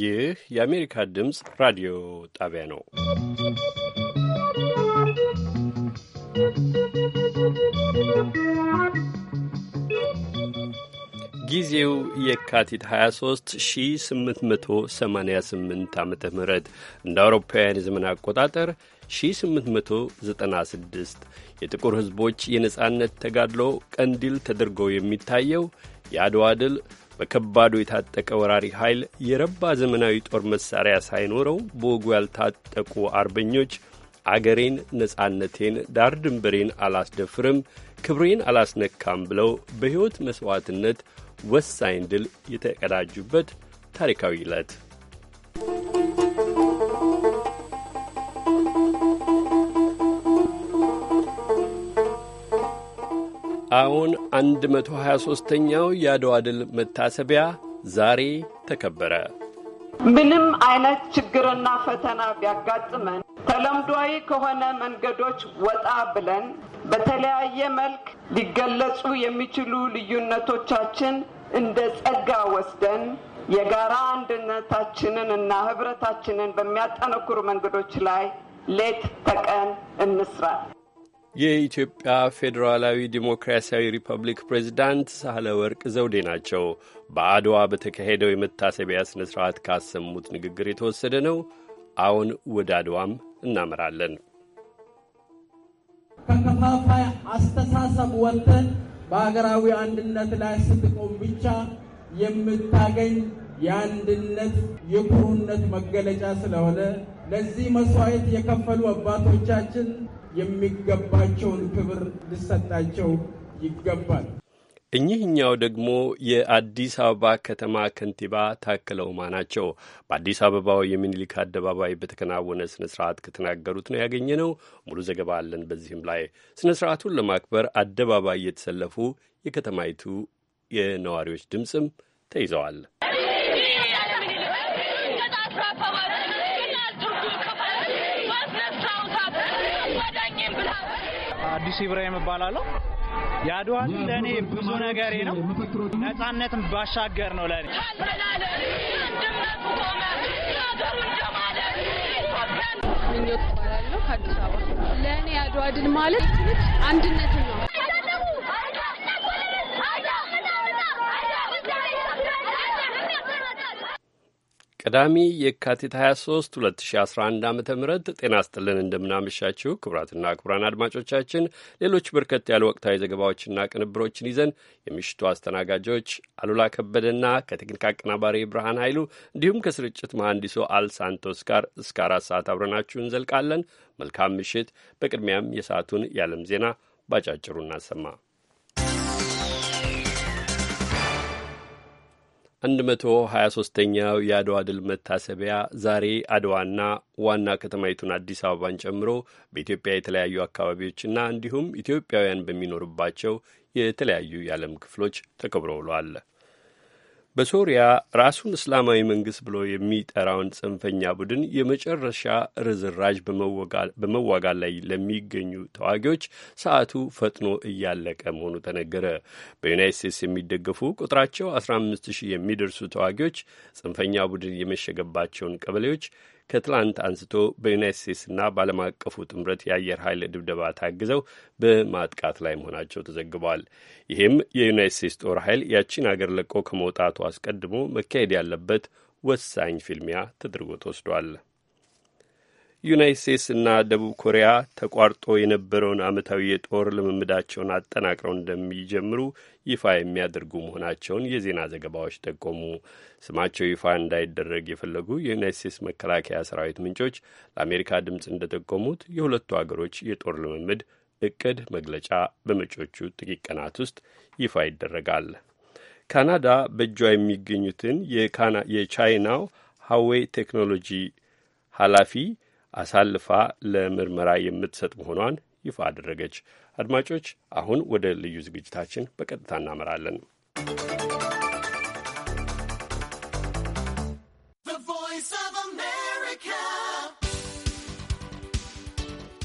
ይህ የአሜሪካ ድምፅ ራዲዮ ጣቢያ ነው። ጊዜው የካቲት 23 1888 ዓ ም እንደ አውሮፓውያን የዘመን አቆጣጠር 1896 የጥቁር ሕዝቦች የነጻነት ተጋድሎ ቀንዲል ተደርጎ የሚታየው የአድዋ ድል በከባዱ የታጠቀ ወራሪ ኃይል የረባ ዘመናዊ ጦር መሳሪያ ሳይኖረው በወጉ ያልታጠቁ አርበኞች አገሬን፣ ነጻነቴን፣ ዳር ድንበሬን አላስደፍርም፣ ክብሬን አላስነካም ብለው በሕይወት መሥዋዕትነት ወሳኝ ድል የተቀዳጁበት ታሪካዊ ዕለት አሁን 123ኛው የአድዋ ድል መታሰቢያ ዛሬ ተከበረ። ምንም አይነት ችግርና ፈተና ቢያጋጥመን ተለምዷዊ ከሆነ መንገዶች ወጣ ብለን በተለያየ መልክ ሊገለጹ የሚችሉ ልዩነቶቻችን እንደ ጸጋ ወስደን የጋራ አንድነታችንን እና ህብረታችንን በሚያጠነክሩ መንገዶች ላይ ሌት ተቀን እንስራል። የኢትዮጵያ ፌዴራላዊ ዲሞክራሲያዊ ሪፐብሊክ ፕሬዚዳንት ሳህለ ወርቅ ዘውዴ ናቸው። በአድዋ በተካሄደው የመታሰቢያ ሥነ ሥርዓት ካሰሙት ንግግር የተወሰደ ነው። አሁን ወደ አድዋም እናመራለን። ከከፋፋይ አስተሳሰብ ወጥተን በሀገራዊ አንድነት ላይ ስትቆም ብቻ የምታገኝ የአንድነት የኩሩነት መገለጫ ስለሆነ ለዚህ መስዋዕት የከፈሉ አባቶቻችን የሚገባቸውን ክብር ሊሰጣቸው ይገባል። እኚህኛው ደግሞ የአዲስ አበባ ከተማ ከንቲባ ታከለ ኡማ ናቸው። በአዲስ አበባው የሚኒሊክ አደባባይ በተከናወነ ስነ ስርዓት ከተናገሩት ነው ያገኘ ነው። ሙሉ ዘገባ አለን። በዚህም ላይ ስነ ስርዓቱን ለማክበር አደባባይ የተሰለፉ የከተማይቱ የነዋሪዎች ድምፅም ተይዘዋል። አዲሱ ኢብራሂም እባላለሁ። የአድዋ ድል ለእኔ ብዙ ነገሬ ነው። ነጻነትን ባሻገር ነው ለእኔ ምኞት እባላለሁ ከአዲስ አበባ። ለእኔ የአድዋ ድል ማለት አንድነትን ነው ቅዳሜ የካቲት 23 2011 ዓ ም ጤና ስጥልን እንደምናመሻችሁ ክቡራትና ክቡራን አድማጮቻችን ሌሎች በርከት ያሉ ወቅታዊ ዘገባዎችና ቅንብሮችን ይዘን የምሽቱ አስተናጋጆች አሉላ ከበደና ከቴክኒክ አቀናባሪ ብርሃን ኃይሉ እንዲሁም ከስርጭት መሐንዲሱ አል ሳንቶስ ጋር እስከ አራት ሰዓት አብረናችሁ እንዘልቃለን። መልካም ምሽት። በቅድሚያም የሰዓቱን የዓለም ዜና ባጫጭሩ እናሰማ። 123ኛው የአድዋ ድል መታሰቢያ ዛሬ አድዋና ዋና ከተማይቱን አዲስ አበባን ጨምሮ በኢትዮጵያ የተለያዩ አካባቢዎችና እንዲሁም ኢትዮጵያውያን በሚኖሩባቸው የተለያዩ የዓለም ክፍሎች ተከብሮ ውሏል። በሶሪያ ራሱን እስላማዊ መንግስት ብሎ የሚጠራውን ጽንፈኛ ቡድን የመጨረሻ ርዝራዥ በመዋጋት ላይ ለሚገኙ ተዋጊዎች ሰዓቱ ፈጥኖ እያለቀ መሆኑ ተነገረ። በዩናይት ስቴትስ የሚደገፉ ቁጥራቸው 15 ሺህ የሚደርሱ ተዋጊዎች ጽንፈኛ ቡድን የመሸገባቸውን ቀበሌዎች ከትላንት አንስቶ በዩናይት ስቴትስና በዓለም አቀፉ ጥምረት የአየር ኃይል ድብደባ ታግዘው በማጥቃት ላይ መሆናቸው ተዘግበዋል። ይህም የዩናይት ስቴትስ ጦር ኃይል ያቺን አገር ለቆ ከመውጣቱ አስቀድሞ መካሄድ ያለበት ወሳኝ ፊልሚያ ተደርጎ ተወስዷል። ዩናይት ስቴትስና ደቡብ ኮሪያ ተቋርጦ የነበረውን ዓመታዊ የጦር ልምምዳቸውን አጠናቅረው እንደሚጀምሩ ይፋ የሚያደርጉ መሆናቸውን የዜና ዘገባዎች ጠቆሙ። ስማቸው ይፋ እንዳይደረግ የፈለጉ የዩናይት ስቴትስ መከላከያ ሰራዊት ምንጮች ለአሜሪካ ድምፅ እንደጠቆሙት የሁለቱ አገሮች የጦር ልምምድ እቅድ መግለጫ በመጪዎቹ ጥቂት ቀናት ውስጥ ይፋ ይደረጋል። ካናዳ በእጇ የሚገኙትን የቻይናው ሀዌይ ቴክኖሎጂ ኃላፊ አሳልፋ ለምርመራ የምትሰጥ መሆኗን ይፋ አደረገች። አድማጮች፣ አሁን ወደ ልዩ ዝግጅታችን በቀጥታ እናመራለን።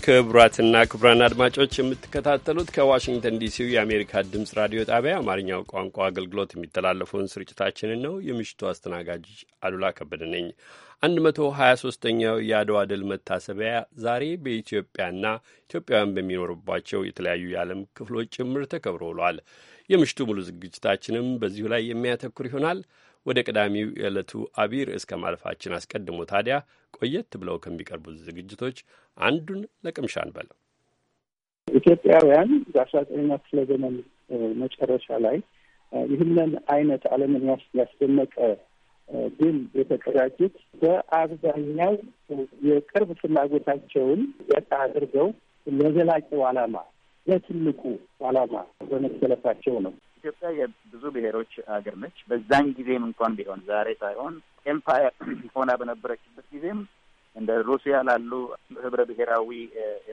ክቡራትና ክቡራን አድማጮች የምትከታተሉት ከዋሽንግተን ዲሲው የአሜሪካ ድምፅ ራዲዮ ጣቢያ አማርኛው ቋንቋ አገልግሎት የሚተላለፈውን ስርጭታችንን ነው። የምሽቱ አስተናጋጅ አሉላ ከበደ ነኝ። 123ኛው የአድዋ ድል መታሰቢያ ዛሬ በኢትዮጵያና ኢትዮጵያውያን በሚኖሩባቸው የተለያዩ የዓለም ክፍሎች ጭምር ተከብሮ ውሏል። የምሽቱ ሙሉ ዝግጅታችንም በዚሁ ላይ የሚያተኩር ይሆናል። ወደ ቀዳሚው የዕለቱ አቢር እስከ ማለፋችን አስቀድሞ ታዲያ ቆየት ብለው ከሚቀርቡት ዝግጅቶች አንዱን ለቅምሻ እንበል። ኢትዮጵያውያን በአስራ ዘጠነኛ ክፍለ ዘመን መጨረሻ ላይ ይህንን አይነት ዓለምን ያስደመቀ ድል የተቀዳጁት በአብዛኛው የቅርብ ፍላጎታቸውን ያጣ አድርገው ለዘላቂው ዓላማ ለትልቁ ዓላማ በመሰለፋቸው ነው። ኢትዮጵያ የብዙ ብሔሮች አገር ነች። በዛን ጊዜም እንኳን ቢሆን ዛሬ ሳይሆን ኤምፓየር ሆና በነበረችበት ጊዜም እንደ ሩሲያ ላሉ ህብረ ብሔራዊ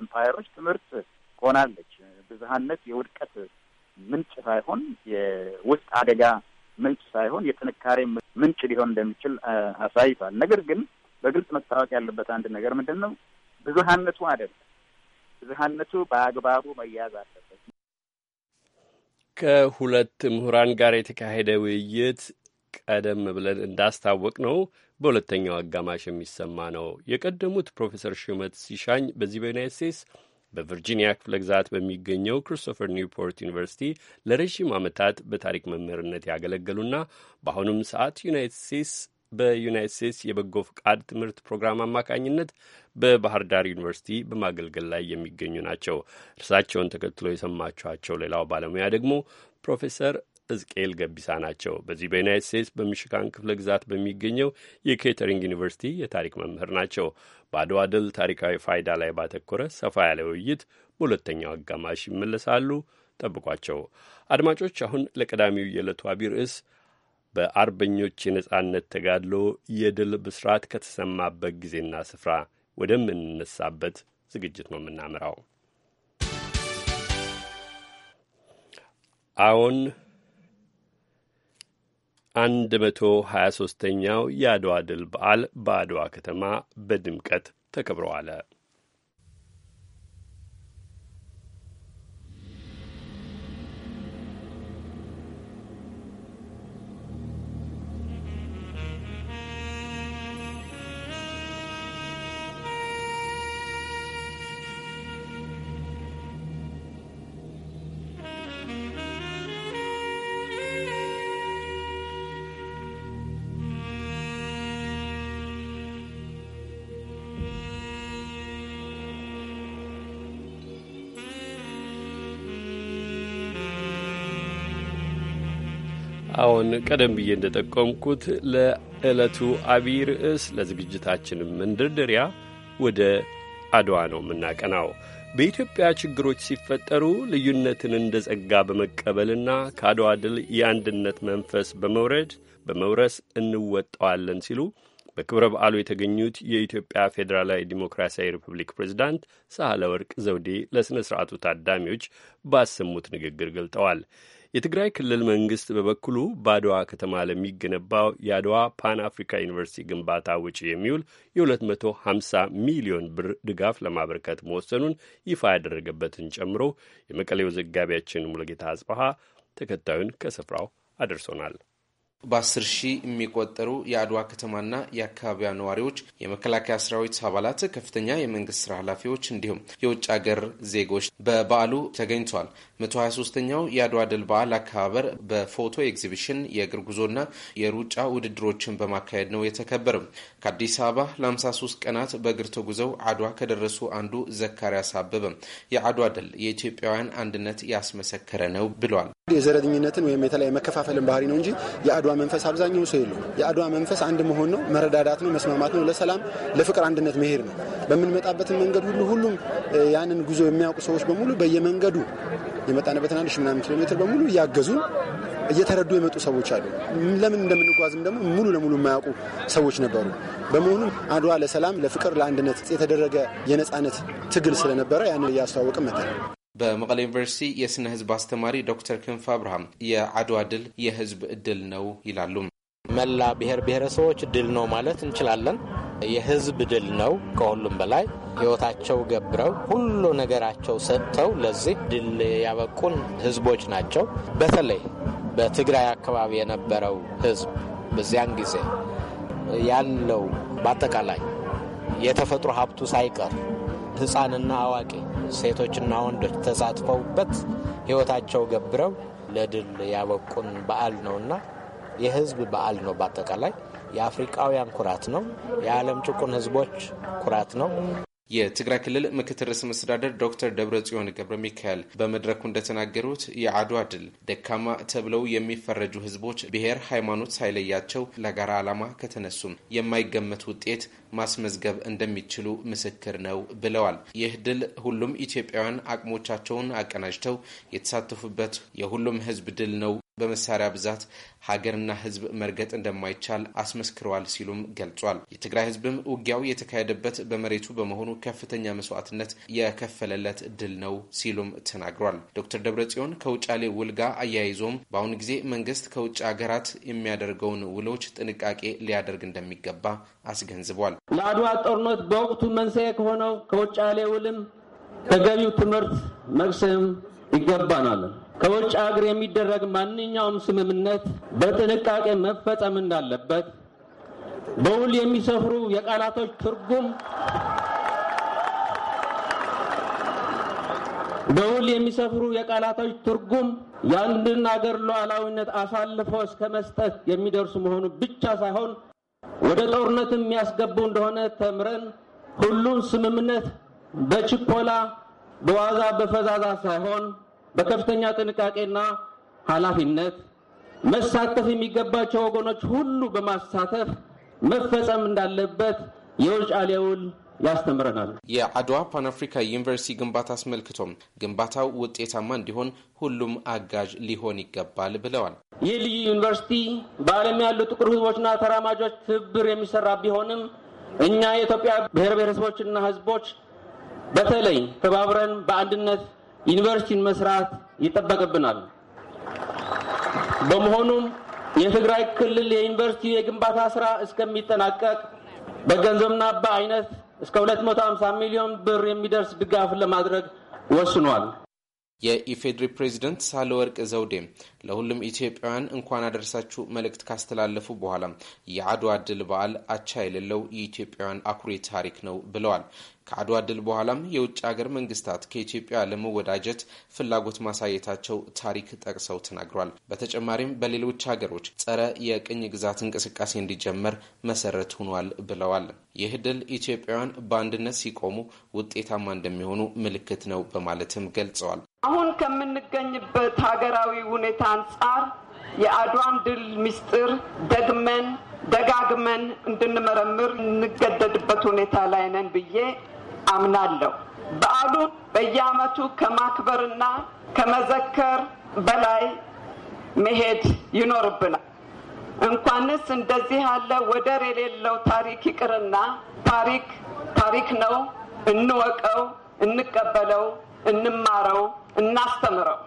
ኤምፓየሮች ትምህርት ሆናለች። ብዝሃነት የውድቀት ምንጭ ሳይሆን የውስጥ አደጋ ምንጭ ሳይሆን የጥንካሬ ምንጭ ሊሆን እንደሚችል አሳይቷል። ነገር ግን በግልጽ መታወቅ ያለበት አንድ ነገር ምንድን ነው? ብዙሀነቱ አይደለም። ብዙሀነቱ በአግባቡ መያዝ አለበት። ከሁለት ምሁራን ጋር የተካሄደ ውይይት ቀደም ብለን እንዳስታወቅ ነው በሁለተኛው አጋማሽ የሚሰማ ነው። የቀደሙት ፕሮፌሰር ሹመት ሲሻኝ በዚህ በዩናይት ስቴትስ በቨርጂኒያ ክፍለ ግዛት በሚገኘው ክሪስቶፈር ኒውፖርት ዩኒቨርሲቲ ለረዥም ዓመታት በታሪክ መምህርነት ያገለገሉና በአሁኑም ሰዓት ዩናይትድ ስቴትስ በዩናይት ስቴትስ የበጎ ፍቃድ ትምህርት ፕሮግራም አማካኝነት በባህር ዳር ዩኒቨርሲቲ በማገልገል ላይ የሚገኙ ናቸው። እርሳቸውን ተከትሎ የሰማችኋቸው ሌላው ባለሙያ ደግሞ ፕሮፌሰር እዝቅኤል ገቢሳ ናቸው። በዚህ በዩናይት ስቴትስ በሚሽካን ክፍለ ግዛት በሚገኘው የኬተሪንግ ዩኒቨርሲቲ የታሪክ መምህር ናቸው። በአድዋ ድል ታሪካዊ ፋይዳ ላይ ባተኮረ ሰፋ ያለ ውይይት በሁለተኛው አጋማሽ ይመለሳሉ። ጠብቋቸው አድማጮች። አሁን ለቀዳሚው የዕለቱ አቢይ ርዕስ በአርበኞች የነጻነት ተጋድሎ የድል ብስራት ከተሰማበት ጊዜና ስፍራ ወደምንነሳበት ዝግጅት ነው የምናመራው። አዎን አንድ መቶ ሀያ ሶስተኛው የአድዋ ድል በዓል በአድዋ ከተማ በድምቀት ተከብሮ አለ። አሁን ቀደም ብዬ እንደጠቆምኩት ለዕለቱ አቢይ ርዕስ ለዝግጅታችን መንደርደሪያ ወደ አድዋ ነው የምናቀናው። በኢትዮጵያ ችግሮች ሲፈጠሩ ልዩነትን እንደ ጸጋ በመቀበልና ከአድዋ ድል የአንድነት መንፈስ በመውረድ በመውረስ እንወጣዋለን ሲሉ በክብረ በዓሉ የተገኙት የኢትዮጵያ ፌዴራላዊ ዲሞክራሲያዊ ሪፐብሊክ ፕሬዚዳንት ሳህለ ወርቅ ዘውዴ ለሥነ ሥርዓቱ ታዳሚዎች ባሰሙት ንግግር ገልጠዋል። የትግራይ ክልል መንግስት በበኩሉ በአድዋ ከተማ ለሚገነባው የአድዋ ፓን አፍሪካ ዩኒቨርሲቲ ግንባታ ውጪ የሚውል የ250 ሚሊዮን ብር ድጋፍ ለማበርከት መወሰኑን ይፋ ያደረገበትን ጨምሮ የመቀሌው ዘጋቢያችን ሙሉጌታ አጽበሃ ተከታዩን ከስፍራው አድርሶናል። በአስር ሺህ የሚቆጠሩ የአድዋ ከተማና የአካባቢዋ ነዋሪዎች፣ የመከላከያ ሰራዊት አባላት፣ ከፍተኛ የመንግስት ስራ ኃላፊዎች እንዲሁም የውጭ ሀገር ዜጎች በበዓሉ ተገኝተዋል። 123ኛው የአድዋ ድል በዓል አከባበር በፎቶ ኤግዚቢሽን፣ የእግር ጉዞና የሩጫ ውድድሮችን በማካሄድ ነው የተከበረው። ከአዲስ አበባ ለ53 ቀናት በእግር ተጉዘው አድዋ ከደረሱ አንዱ ዘካሪያስ አበበ የአድዋ ድል የኢትዮጵያውያን አንድነት ያስመሰከረ ነው ብሏል። የዘረኝነትን ወይም የተለያየ መከፋፈልን ባህሪ ነው እንጂ የአድዋ መንፈስ አብዛኛው ሰው የለው የአድዋ መንፈስ አንድ መሆን ነው፣ መረዳዳት ነው፣ መስማማት ነው፣ ለሰላም ለፍቅር አንድነት መሄድ ነው። በምንመጣበትን መንገድ ሁሉ ሁሉም ያንን ጉዞ የሚያውቁ ሰዎች በሙሉ በየመንገዱ የመጣንበትን አንድ ሺ ምናምን ኪሎ ሜትር በሙሉ እያገዙን እየተረዱ የመጡ ሰዎች አሉ። ለምን እንደምንጓዝም ደግሞ ሙሉ ለሙሉ የማያውቁ ሰዎች ነበሩ። በመሆኑም አድዋ ለሰላም፣ ለፍቅር፣ ለአንድነት የተደረገ የነፃነት ትግል ስለነበረ ያንን እያስተዋወቅን መጣል በመቀለ ዩኒቨርሲቲ የስነ ህዝብ አስተማሪ ዶክተር ክንፈ አብርሃም የአድዋ ድል የህዝብ እድል ነው ይላሉ። መላ ብሔር ብሔረሰቦች ድል ነው ማለት እንችላለን። የህዝብ ድል ነው። ከሁሉም በላይ ህይወታቸው ገብረው ሁሉ ነገራቸው ሰጥተው ለዚህ ድል ያበቁን ህዝቦች ናቸው። በተለይ በትግራይ አካባቢ የነበረው ህዝብ በዚያን ጊዜ ያለው በአጠቃላይ የተፈጥሮ ሀብቱ ሳይቀር ህፃንና አዋቂ፣ ሴቶችና ወንዶች ተሳትፈውበት ህይወታቸው ገብረው ለድል ያበቁን በዓል ነውና የህዝብ በዓል ነው። በአጠቃላይ የአፍሪቃውያን ኩራት ነው። የዓለም ጭቁን ህዝቦች ኩራት ነው። የትግራይ ክልል ምክትል ርዕሰ መስተዳደር ዶክተር ጽዮን ገብረ ሚካኤል በመድረኩ እንደተናገሩት የአድዋ ድል ደካማ ተብለው የሚፈረጁ ህዝቦች ብሔር፣ ሃይማኖት ሳይለያቸው ለጋራ ዓላማ ከተነሱም የማይገመት ውጤት ማስመዝገብ እንደሚችሉ ምስክር ነው ብለዋል። ይህ ድል ሁሉም ኢትዮጵያውያን አቅሞቻቸውን አቀናጅተው የተሳተፉበት የሁሉም ህዝብ ድል ነው በመሳሪያ ብዛት ሀገርና ህዝብ መርገጥ እንደማይቻል አስመስክረዋል ሲሉም ገልጿል። የትግራይ ህዝብም ውጊያው የተካሄደበት በመሬቱ በመሆኑ ከፍተኛ መስዋዕትነት የከፈለለት ድል ነው ሲሉም ተናግሯል። ዶክተር ደብረጽዮን ከውጫሌ ውል ጋር አያይዞም በአሁኑ ጊዜ መንግስት ከውጭ ሀገራት የሚያደርገውን ውሎች ጥንቃቄ ሊያደርግ እንደሚገባ አስገንዝቧል። ለአድዋ ጦርነት በወቅቱ መንስኤ ከሆነው ከውጫሌ ውልም ተገቢው ትምህርት መቅሰም ይገባናለን። ከውጭ አገር የሚደረግ ማንኛውም ስምምነት በጥንቃቄ መፈጸም እንዳለበት፣ በውል የሚሰፍሩ የቃላቶች ትርጉም በውል የሚሰፍሩ የቃላቶች ትርጉም የአንድን አገር ሉዓላዊነት አሳልፎ እስከ መስጠት የሚደርሱ መሆኑ ብቻ ሳይሆን ወደ ጦርነት የሚያስገቡ እንደሆነ ተምረን ሁሉን ስምምነት በችኮላ በዋዛ በፈዛዛ ሳይሆን በከፍተኛ ጥንቃቄና ኃላፊነት መሳተፍ የሚገባቸው ወገኖች ሁሉ በማሳተፍ መፈጸም እንዳለበት የውጫሌ ውል ያስተምረናል። የአድዋ ፓን አፍሪካ ዩኒቨርሲቲ ግንባታ አስመልክቶም ግንባታው ውጤታማ እንዲሆን ሁሉም አጋዥ ሊሆን ይገባል ብለዋል። ይህ ልዩ ዩኒቨርሲቲ በዓለም ያሉ ጥቁር ሕዝቦችና ተራማጆች ትብብር የሚሰራ ቢሆንም እኛ የኢትዮጵያ ብሔር ብሔረሰቦችና ሕዝቦች በተለይ ተባብረን በአንድነት ዩኒቨርሲቲን መስራት ይጠበቅብናል። በመሆኑም የትግራይ ክልል የዩኒቨርሲቲ የግንባታ ስራ እስከሚጠናቀቅ በገንዘብና በአይነት እስከ 250 ሚሊዮን ብር የሚደርስ ድጋፍ ለማድረግ ወስኗል። የኢፌዴሪ ፕሬዚደንት ሳህለወርቅ ዘውዴ ለሁሉም ኢትዮጵያውያን እንኳን አደረሳችሁ መልእክት ካስተላለፉ በኋላ የአድዋ ድል በዓል አቻ የሌለው የኢትዮጵያውያን አኩሪ ታሪክ ነው ብለዋል። ከአድዋ ድል በኋላም የውጭ ሀገር መንግስታት ከኢትዮጵያ ለመወዳጀት ፍላጎት ማሳየታቸው ታሪክ ጠቅሰው ተናግሯል። በተጨማሪም በሌሎች ሀገሮች ጸረ የቅኝ ግዛት እንቅስቃሴ እንዲጀመር መሰረት ሆኗል ብለዋል። ይህ ድል ኢትዮጵያውያን በአንድነት ሲቆሙ ውጤታማ እንደሚሆኑ ምልክት ነው በማለትም ገልጸዋል። አሁን ከምንገኝበት ሀገራዊ ሁኔታ አንጻር የአድዋን ድል ምስጢር ደግመን ደጋግመን እንድንመረምር እንገደድበት ሁኔታ ላይ ነን ብዬ አምናለሁ። በዓሉን በየዓመቱ ከማክበርና ከመዘከር በላይ መሄድ ይኖርብናል። እንኳንስ እንደዚህ ያለ ወደር የሌለው ታሪክ ይቅርና ታሪክ ታሪክ ነው፣ እንወቀው፣ እንቀበለው፣ እንማረው እናስተምረው።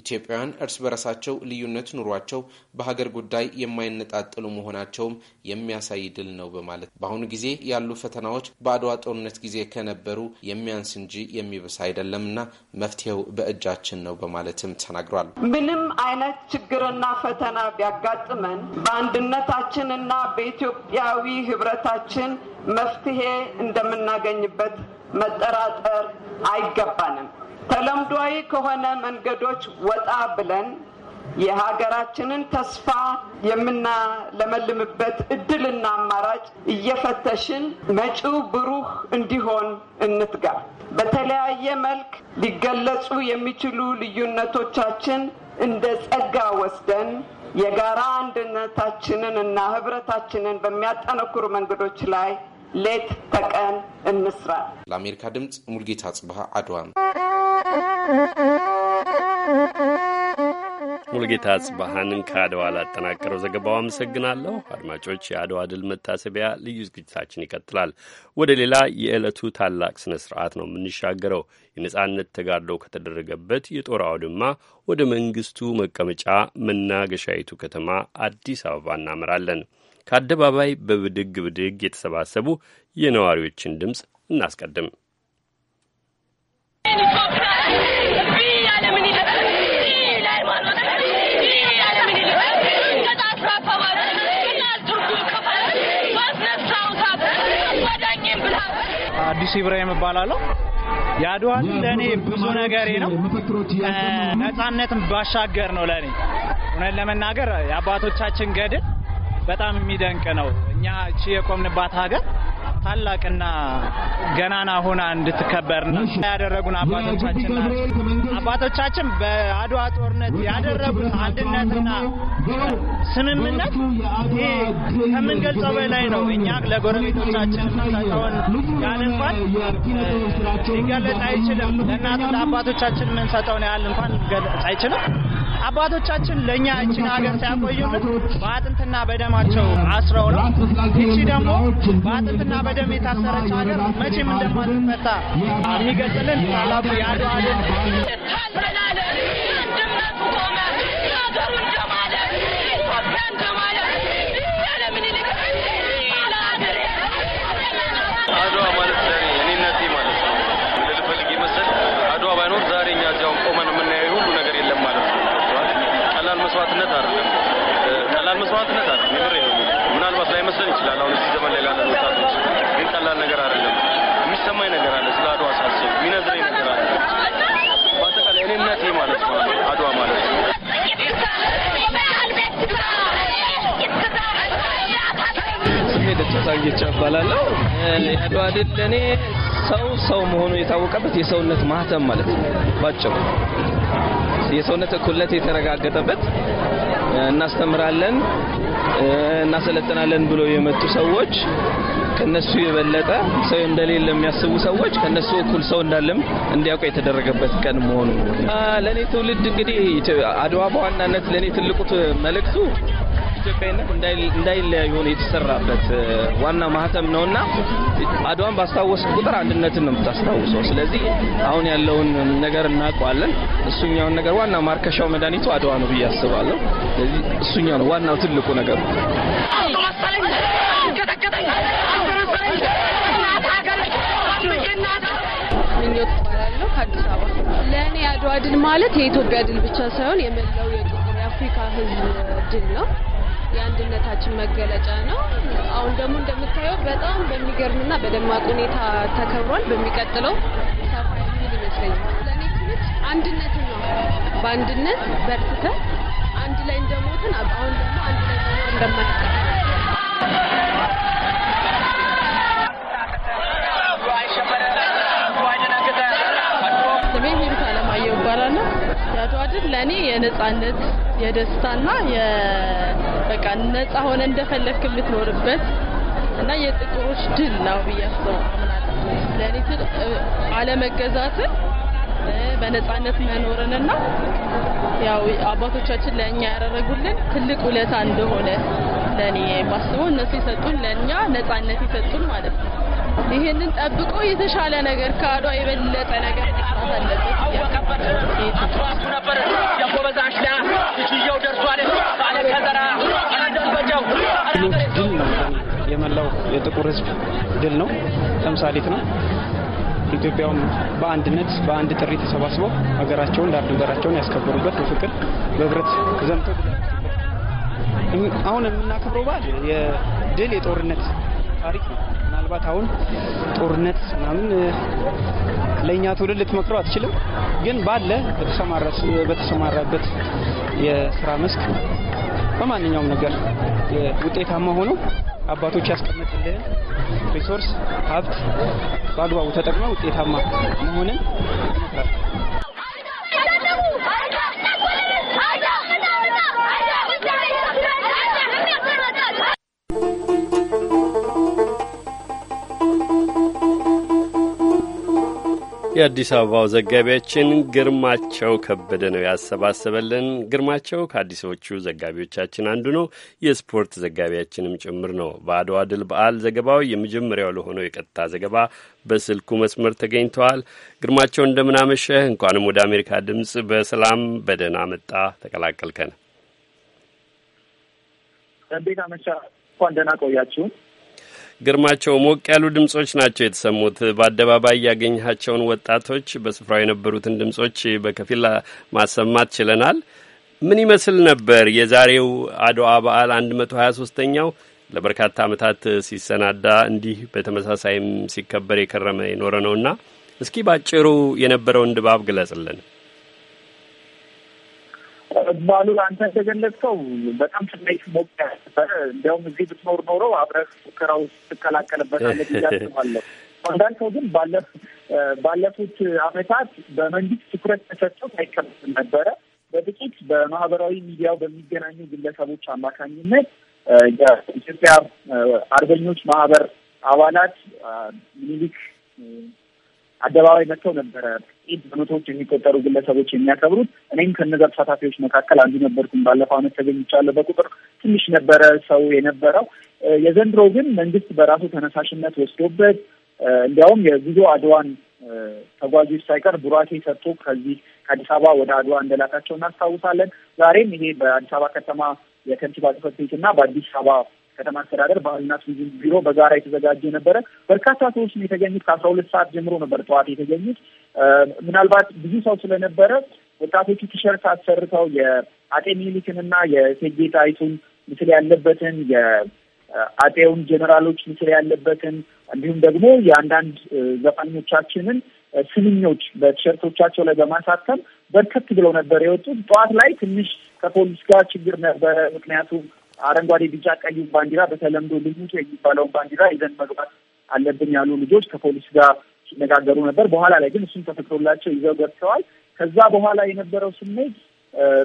ኢትዮጵያውያን እርስ በርሳቸው ልዩነት ኑሯቸው በሀገር ጉዳይ የማይነጣጠሉ መሆናቸውም የሚያሳይ ድል ነው በማለት በአሁኑ ጊዜ ያሉ ፈተናዎች በአድዋ ጦርነት ጊዜ ከነበሩ የሚያንስ እንጂ የሚብስ አይደለምና መፍትሄው በእጃችን ነው በማለትም ተናግሯል። ምንም አይነት ችግርና ፈተና ቢያጋጥመን በአንድነታችንና በኢትዮጵያዊ ሕብረታችን መፍትሄ እንደምናገኝበት መጠራጠር አይገባንም። ተለምዷዊ ከሆነ መንገዶች ወጣ ብለን የሀገራችንን ተስፋ የምናለመልምበት እድልና አማራጭ እየፈተሽን መጪው ብሩህ እንዲሆን እንትጋ። በተለያየ መልክ ሊገለጹ የሚችሉ ልዩነቶቻችን እንደ ጸጋ ወስደን የጋራ አንድነታችንን እና ህብረታችንን በሚያጠነክሩ መንገዶች ላይ ሌት ተቀን እንስራ። ለአሜሪካ ድምፅ ሙልጌታ ጽብሃ አድዋ ሙሉጌታ ጽባሃንን ከአድዋ ላጠናቀረው ዘገባው አመሰግናለሁ። አድማጮች፣ የአድዋ ድል መታሰቢያ ልዩ ዝግጅታችን ይቀጥላል። ወደ ሌላ የዕለቱ ታላቅ ስነ ስርዓት ነው የምንሻገረው። የነጻነት ተጋድሎ ከተደረገበት የጦር አውድማ ወደ መንግስቱ መቀመጫ መናገሻይቱ ከተማ አዲስ አበባ እናመራለን። ከአደባባይ በብድግ ብድግ የተሰባሰቡ የነዋሪዎችን ድምፅ እናስቀድም። አዲስ ኢብራሂም እባላለሁ። የአድዋ ለኔ ለእኔ ብዙ ነገሬ ነው። ነጻነትም ባሻገር ነው ለእኔ እውነት ለመናገር የአባቶቻችን ገድል በጣም የሚደንቅ ነው። እኛ እቺ የቆምንባት ሀገር ታላቅና ገናና ሆና እንድትከበር ያደረጉን አባቶቻችን አባቶቻችን በአድዋ ጦርነት ያደረጉት አንድነትና ስምምነት ይሄ ከምንገልጸው በላይ ነው። እኛ ለጎረቤቶቻችን የምንሰጠውን ያህል እንኳን ሊገለጽ አይችልም። ለእናት ለአባቶቻችን የምንሰጠውን ያህል እንኳን ሊገለጽ አይችልም። አባቶቻችን ለእኛ እችን ሀገር ሳያቆዩልን በአጥንትና በደማቸው አስረው ነው። እቺ ደግሞ በአጥንትና በደም የታሰረች ሀገር መቼም እንደማትፈታ የሚገልጽልን ታላቁ የአድዋ ድል አድዋ ማለት ነው። ስሜ እባላለሁ። የአድዋ ድል ለእኔ ሰው ሰው መሆኑ የታወቀበት የሰውነት ማህተም ማለት ነው። ባጭሩ የሰውነት እኩልነት የተረጋገጠበት እናስተምራለን እናሰለጥናለን ብሎ የመጡ ሰዎች ከነሱ የበለጠ ሰው እንደሌለ የሚያስቡ ሰዎች ከነሱ እኩል ሰው እንዳለም እንዲያውቀ የተደረገበት ቀን መሆኑ ለእኔ ትውልድ እንግዲህ አድዋ በዋናነት ለእኔ ትልቁ መልእክቱ ኢትዮጵያዊነት እንዳይለያዩ ሆኖ የተሰራበት ዋና ማህተም ነውና አድዋን ባስታወስ ቁጥር አንድነትን ነው የምታስታውሰው። ስለዚህ አሁን ያለውን ነገር እናውቀዋለን። እሱኛውን ነገር ዋና ማርከሻው መድኃኒቱ አድዋ ነው ብዬ አስባለሁ። ስለዚህ እሱኛው ነው ዋናው ትልቁ ነገር። ምኞት ባላለሁ ከአዲስ አበባ ለእኔ አድዋ ድል ማለት የኢትዮጵያ ድል ብቻ ሳይሆን የመላው የጥቁር የአፍሪካ ሕዝብ ድል ነው። የአንድነታችን መገለጫ ነው። አሁን ደግሞ እንደምታየው በጣም በሚገርምና በደማቅ ሁኔታ ተከብሯል። በሚቀጥለው ሰፋ የሚል ይመስለኛል። ለእኔ ትምህርት አንድነት ነው። በአንድነት በርትተን አንድ ላይ እንደሞትን አሁን ደግሞ አንድ ላይ እንደማያቀ ማለትም ለእኔ የነጻነት የደስታና በቃ ነጻ ሆነ እንደፈለግክ የምትኖርበት እና የጥቁሮች ድል ነው ብዬ አስባለሁ። ለእኔ ስል አለመገዛትን በነጻነት መኖርንና ያው አባቶቻችን ለእኛ ያደረጉልን ትልቅ ውለታ እንደሆነ ለእኔ ማስበው እነሱ የሰጡን ለእኛ ነጻነት የሰጡን ማለት ነው። ይሄንን ጠብቆ የተሻለ ነገር ከአድዋ የበለጠ ነገር የመላው የጥቁር ሕዝብ ድል ነው፣ ተምሳሌት ነው። ኢትዮጵያውም በአንድነት በአንድ ጥሪ ተሰባስበው ሀገራቸውን ዳር ድንበራቸውን ያስከበሩበት በፍቅር በህብረት ዘምቶ አሁን የምናከብረው በዓል የድል የጦርነት ታሪክ ነው። ምናልባት አሁን ጦርነት ምናምን ለእኛ ትውልድ ልትመክረው አትችልም። ግን ባለ በተሰማራበት የስራ መስክ በማንኛውም ነገር ውጤታማ ሆኖ አባቶች ያስቀምጥልህን ሪሶርስ ሀብት በአግባቡ ተጠቅመ ውጤታማ መሆንን ይመክራል። የአዲስ አበባው ዘጋቢያችን ግርማቸው ከበደ ነው ያሰባሰበልን። ግርማቸው ከአዲሶቹ ዘጋቢዎቻችን አንዱ ነው፣ የስፖርት ዘጋቢያችንም ጭምር ነው። በአድዋ ድል በዓል ዘገባው የመጀመሪያው ለሆነው የቀጥታ ዘገባ በስልኩ መስመር ተገኝተዋል። ግርማቸው እንደምናመሸህ፣ እንኳንም ወደ አሜሪካ ድምፅ በሰላም በደህና መጣ ተቀላቀልከን። እንዴት አመሻ? እንኳን ደህና ቆያችሁ። ግርማቸው፣ ሞቅ ያሉ ድምጾች ናቸው የተሰሙት። በአደባባይ ያገኘሃቸውን ወጣቶች፣ በስፍራው የነበሩትን ድምጾች በከፊል ማሰማት ችለናል። ምን ይመስል ነበር የዛሬው አድዋ በዓል አንድ መቶ ሀያ ሶስተኛው ለበርካታ ዓመታት ሲሰናዳ እንዲህ በተመሳሳይም ሲከበር የከረመ የኖረ ነውና እስኪ ባጭሩ የነበረውን ድባብ ግለጽልን። ባሉ አንተ እንደገለጽከው በጣም ስሜት ሞቅ ያስበረ እንዲያውም እዚህ ብትኖር ኖሮ አብረህ ሙከራ ውስጥ አለ ብዬ አስባለሁ። እንዳልከው ግን ባለፉት አመታት በመንግስት ትኩረት ተሰጥቶ አይቀመጥም ነበረ። በጥቂት በማህበራዊ ሚዲያው በሚገናኙ ግለሰቦች አማካኝነት የኢትዮጵያ አርበኞች ማህበር አባላት ሚኒሊክ አደባባይ መጥተው ነበረ ኢድ በመቶዎች የሚቆጠሩ ግለሰቦች የሚያከብሩት። እኔም ከነዛ ተሳታፊዎች መካከል አንዱ ነበርኩም። ባለፈው ዓመት ተገኝቻለሁ። በቁጥር ትንሽ ነበረ ሰው የነበረው። የዘንድሮ ግን መንግስት በራሱ ተነሳሽነት ወስዶበት እንዲያውም የጉዞ አድዋን ተጓዦች ሳይቀር ቡራኬ ሰጥቶ ከዚህ ከአዲስ አበባ ወደ አድዋ እንደላካቸው እናስታውሳለን። ዛሬም ይሄ በአዲስ አበባ ከተማ የከንቲባ ጽሕፈት ቤት እና በአዲስ አበባ ከተማ አስተዳደር ባህልና ቱሪዝም ቢሮ በጋራ የተዘጋጀ ነበረ። በርካታ ሰዎች የተገኙት ከአስራ ሁለት ሰዓት ጀምሮ ነበር ጠዋት የተገኙት። ምናልባት ብዙ ሰው ስለነበረ ወጣቶቹ ቲሸርት አሰርተው የአጤ ሚኒሊክንና የእቴጌ ጣይቱን ምስል ያለበትን የአጤውን ጀኔራሎች ምስል ያለበትን እንዲሁም ደግሞ የአንዳንድ ዘፋኞቻችንን ስንኞች በቲሸርቶቻቸው ላይ በማሳተም በርከት ብለው ነበር የወጡት። ጠዋት ላይ ትንሽ ከፖሊስ ጋር ችግር ነበረ። ምክንያቱም አረንጓዴ፣ ቢጫ ቀዩ ባንዲራ በተለምዶ ልሙጡ የሚባለውን ባንዲራ ይዘን መግባት አለብን ያሉ ልጆች ከፖሊስ ጋር ሲነጋገሩ ነበር። በኋላ ላይ ግን እሱም ተፈቅዶላቸው ይዘው ገብተዋል። ከዛ በኋላ የነበረው ስሜት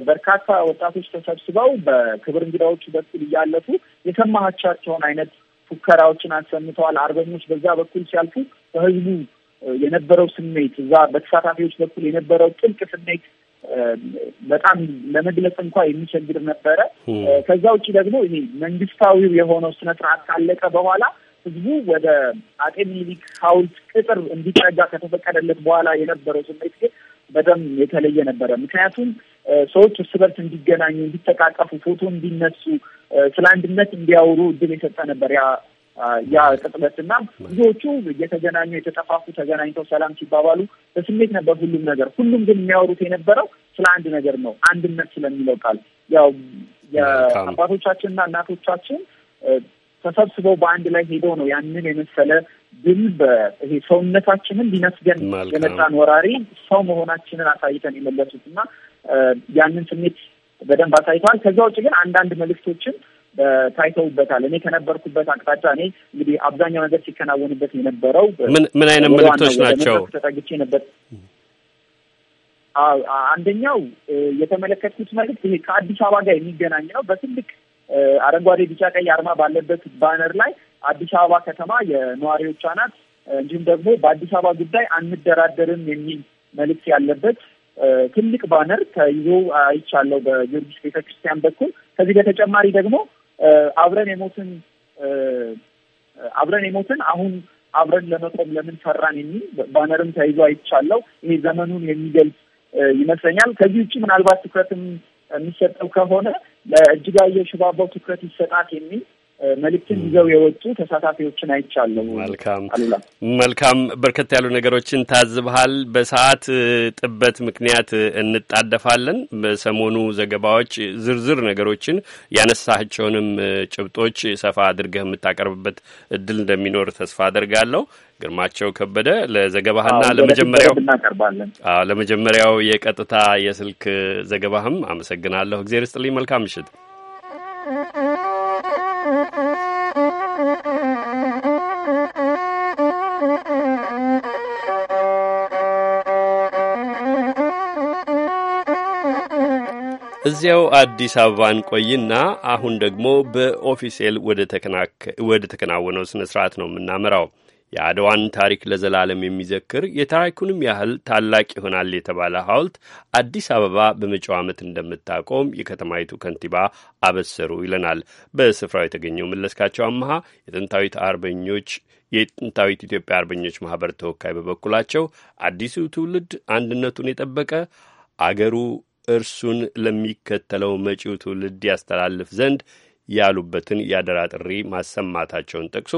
በርካታ ወጣቶች ተሰብስበው በክብር እንግዳዎቹ በኩል እያለፉ የሰማቻቸውን አይነት ፉከራዎችን አሰምተዋል። አርበኞች በዛ በኩል ሲያልፉ በህዝቡ የነበረው ስሜት እዛ በተሳታፊዎች በኩል የነበረው ጥልቅ ስሜት በጣም ለመግለጽ እንኳ የሚቸግር ነበረ። ከዛ ውጭ ደግሞ ይሄ መንግስታዊው የሆነው ስነስርዓት ካለቀ በኋላ ህዝቡ ወደ አጤ ሚኒሊክ ሐውልት ቅጥር እንዲጠጋ ከተፈቀደለት በኋላ የነበረው ስሜት ግን በጣም የተለየ ነበረ። ምክንያቱም ሰዎች እርስ በርስ እንዲገናኙ፣ እንዲተቃቀፉ፣ ፎቶ እንዲነሱ፣ ስለ አንድነት እንዲያወሩ እድል የሰጠ ነበር ያ ያ ቅጥበትና ብዙዎቹ እየተገናኙ የተጠፋፉ ተገናኝተው ሰላም ሲባባሉ በስሜት ነበር ሁሉም ነገር። ሁሉም ግን የሚያወሩት የነበረው ስለ አንድ ነገር ነው፣ አንድነት ስለሚለው ቃል። ያው የአባቶቻችንና እናቶቻችን ተሰብስበው በአንድ ላይ ሄደው ነው ያንን የመሰለ ድል ይሄ ሰውነታችንን ሊነስገን የመጣን ወራሪ ሰው መሆናችንን አሳይተን የመለሱት እና ያንን ስሜት በደንብ አሳይተዋል። ከዛ ውጭ ግን አንዳንድ መልእክቶችን ታይተውበታል። እኔ ከነበርኩበት አቅጣጫ እኔ እንግዲህ አብዛኛው ነገር ሲከናወንበት የነበረው ምን አይነት ምልክቶች ናቸው ተጠግቼ ነበር። አንደኛው የተመለከትኩት መልዕክት ይሄ ከአዲስ አበባ ጋር የሚገናኝ ነው። በትልቅ አረንጓዴ፣ ቢጫ፣ ቀይ አርማ ባለበት ባነር ላይ አዲስ አበባ ከተማ የነዋሪዎቿ ናት፣ እንዲሁም ደግሞ በአዲስ አበባ ጉዳይ አንደራደርም የሚል መልዕክት ያለበት ትልቅ ባነር ተይዞ አይቻለው በጊዮርጊስ ቤተክርስቲያን በኩል። ከዚህ በተጨማሪ ደግሞ አብረን የሞትን አብረን የሞትን አሁን አብረን ለመቆም ለምን ፈራን የሚል ባነርም ተይዞ አይቻለው። ይሄ ዘመኑን የሚገልጽ ይመስለኛል። ከዚህ ውጭ ምናልባት ትኩረትም የሚሰጠው ከሆነ ለእጅጋየሁ ሽባባው ትኩረት ይሰጣት የሚል መልእክትን ይዘው የወጡ ተሳታፊዎችን አይቻለሁ። መልካም መልካም፣ በርከት ያሉ ነገሮችን ታዝበሃል። በሰዓት ጥበት ምክንያት እንጣደፋለን። በሰሞኑ ዘገባዎች ዝርዝር ነገሮችን ያነሳቸውንም ጭብጦች ሰፋ አድርገህ የምታቀርብበት እድል እንደሚኖር ተስፋ አደርጋለሁ። ግርማቸው ከበደ ለዘገባህና ለመጀመሪያው ለመጀመሪያው የቀጥታ የስልክ ዘገባህም አመሰግናለሁ። እግዜር ስጥልኝ። መልካም ምሽት። እዚያው አዲስ አበባን ቆይና አሁን ደግሞ በኦፊሴል ወደ ተከናወነው ስነ ስርዓት ነው የምናመራው። የአድዋን ታሪክ ለዘላለም የሚዘክር የታሪኩንም ያህል ታላቅ ይሆናል የተባለ ሐውልት አዲስ አበባ በመጪው ዓመት እንደምታቆም የከተማይቱ ከንቲባ አበሰሩ ይለናል። በስፍራው የተገኘው መለስካቸው አመሃ የጥንታዊት አርበኞች የጥንታዊት ኢትዮጵያ አርበኞች ማህበር ተወካይ በበኩላቸው አዲሱ ትውልድ አንድነቱን የጠበቀ አገሩ እርሱን ለሚከተለው መጪው ትውልድ ያስተላልፍ ዘንድ ያሉበትን የአደራ ጥሪ ማሰማታቸውን ጠቅሶ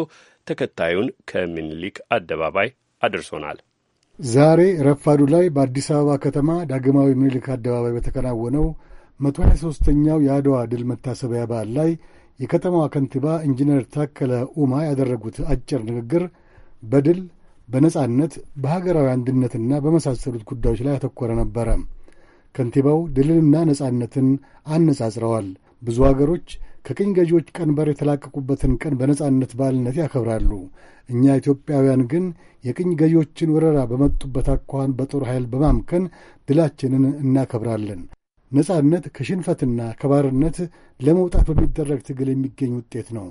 ተከታዩን ከምኒልክ አደባባይ አድርሶናል። ዛሬ ረፋዱ ላይ በአዲስ አበባ ከተማ ዳግማዊ ሚኒሊክ አደባባይ በተከናወነው መቶ 23 ሦስተኛው የአድዋ ድል መታሰቢያ በዓል ላይ የከተማዋ ከንቲባ ኢንጂነር ታከለ ኡማ ያደረጉት አጭር ንግግር በድል በነጻነት በሀገራዊ አንድነትና በመሳሰሉት ጉዳዮች ላይ ያተኮረ ነበረ። ከንቲባው ድልንና ነጻነትን አነጻጽረዋል። ብዙ አገሮች ከቅኝ ገዢዎች ቀንበር የተላቀቁበትን ቀን በነጻነት በዓልነት ያከብራሉ። እኛ ኢትዮጵያውያን ግን የቅኝ ገዢዎችን ወረራ በመጡበት አኳኋን በጦር ኃይል በማምከን ድላችንን እናከብራለን። ነጻነት ከሽንፈትና ከባርነት ለመውጣት በሚደረግ ትግል የሚገኝ ውጤት ነው።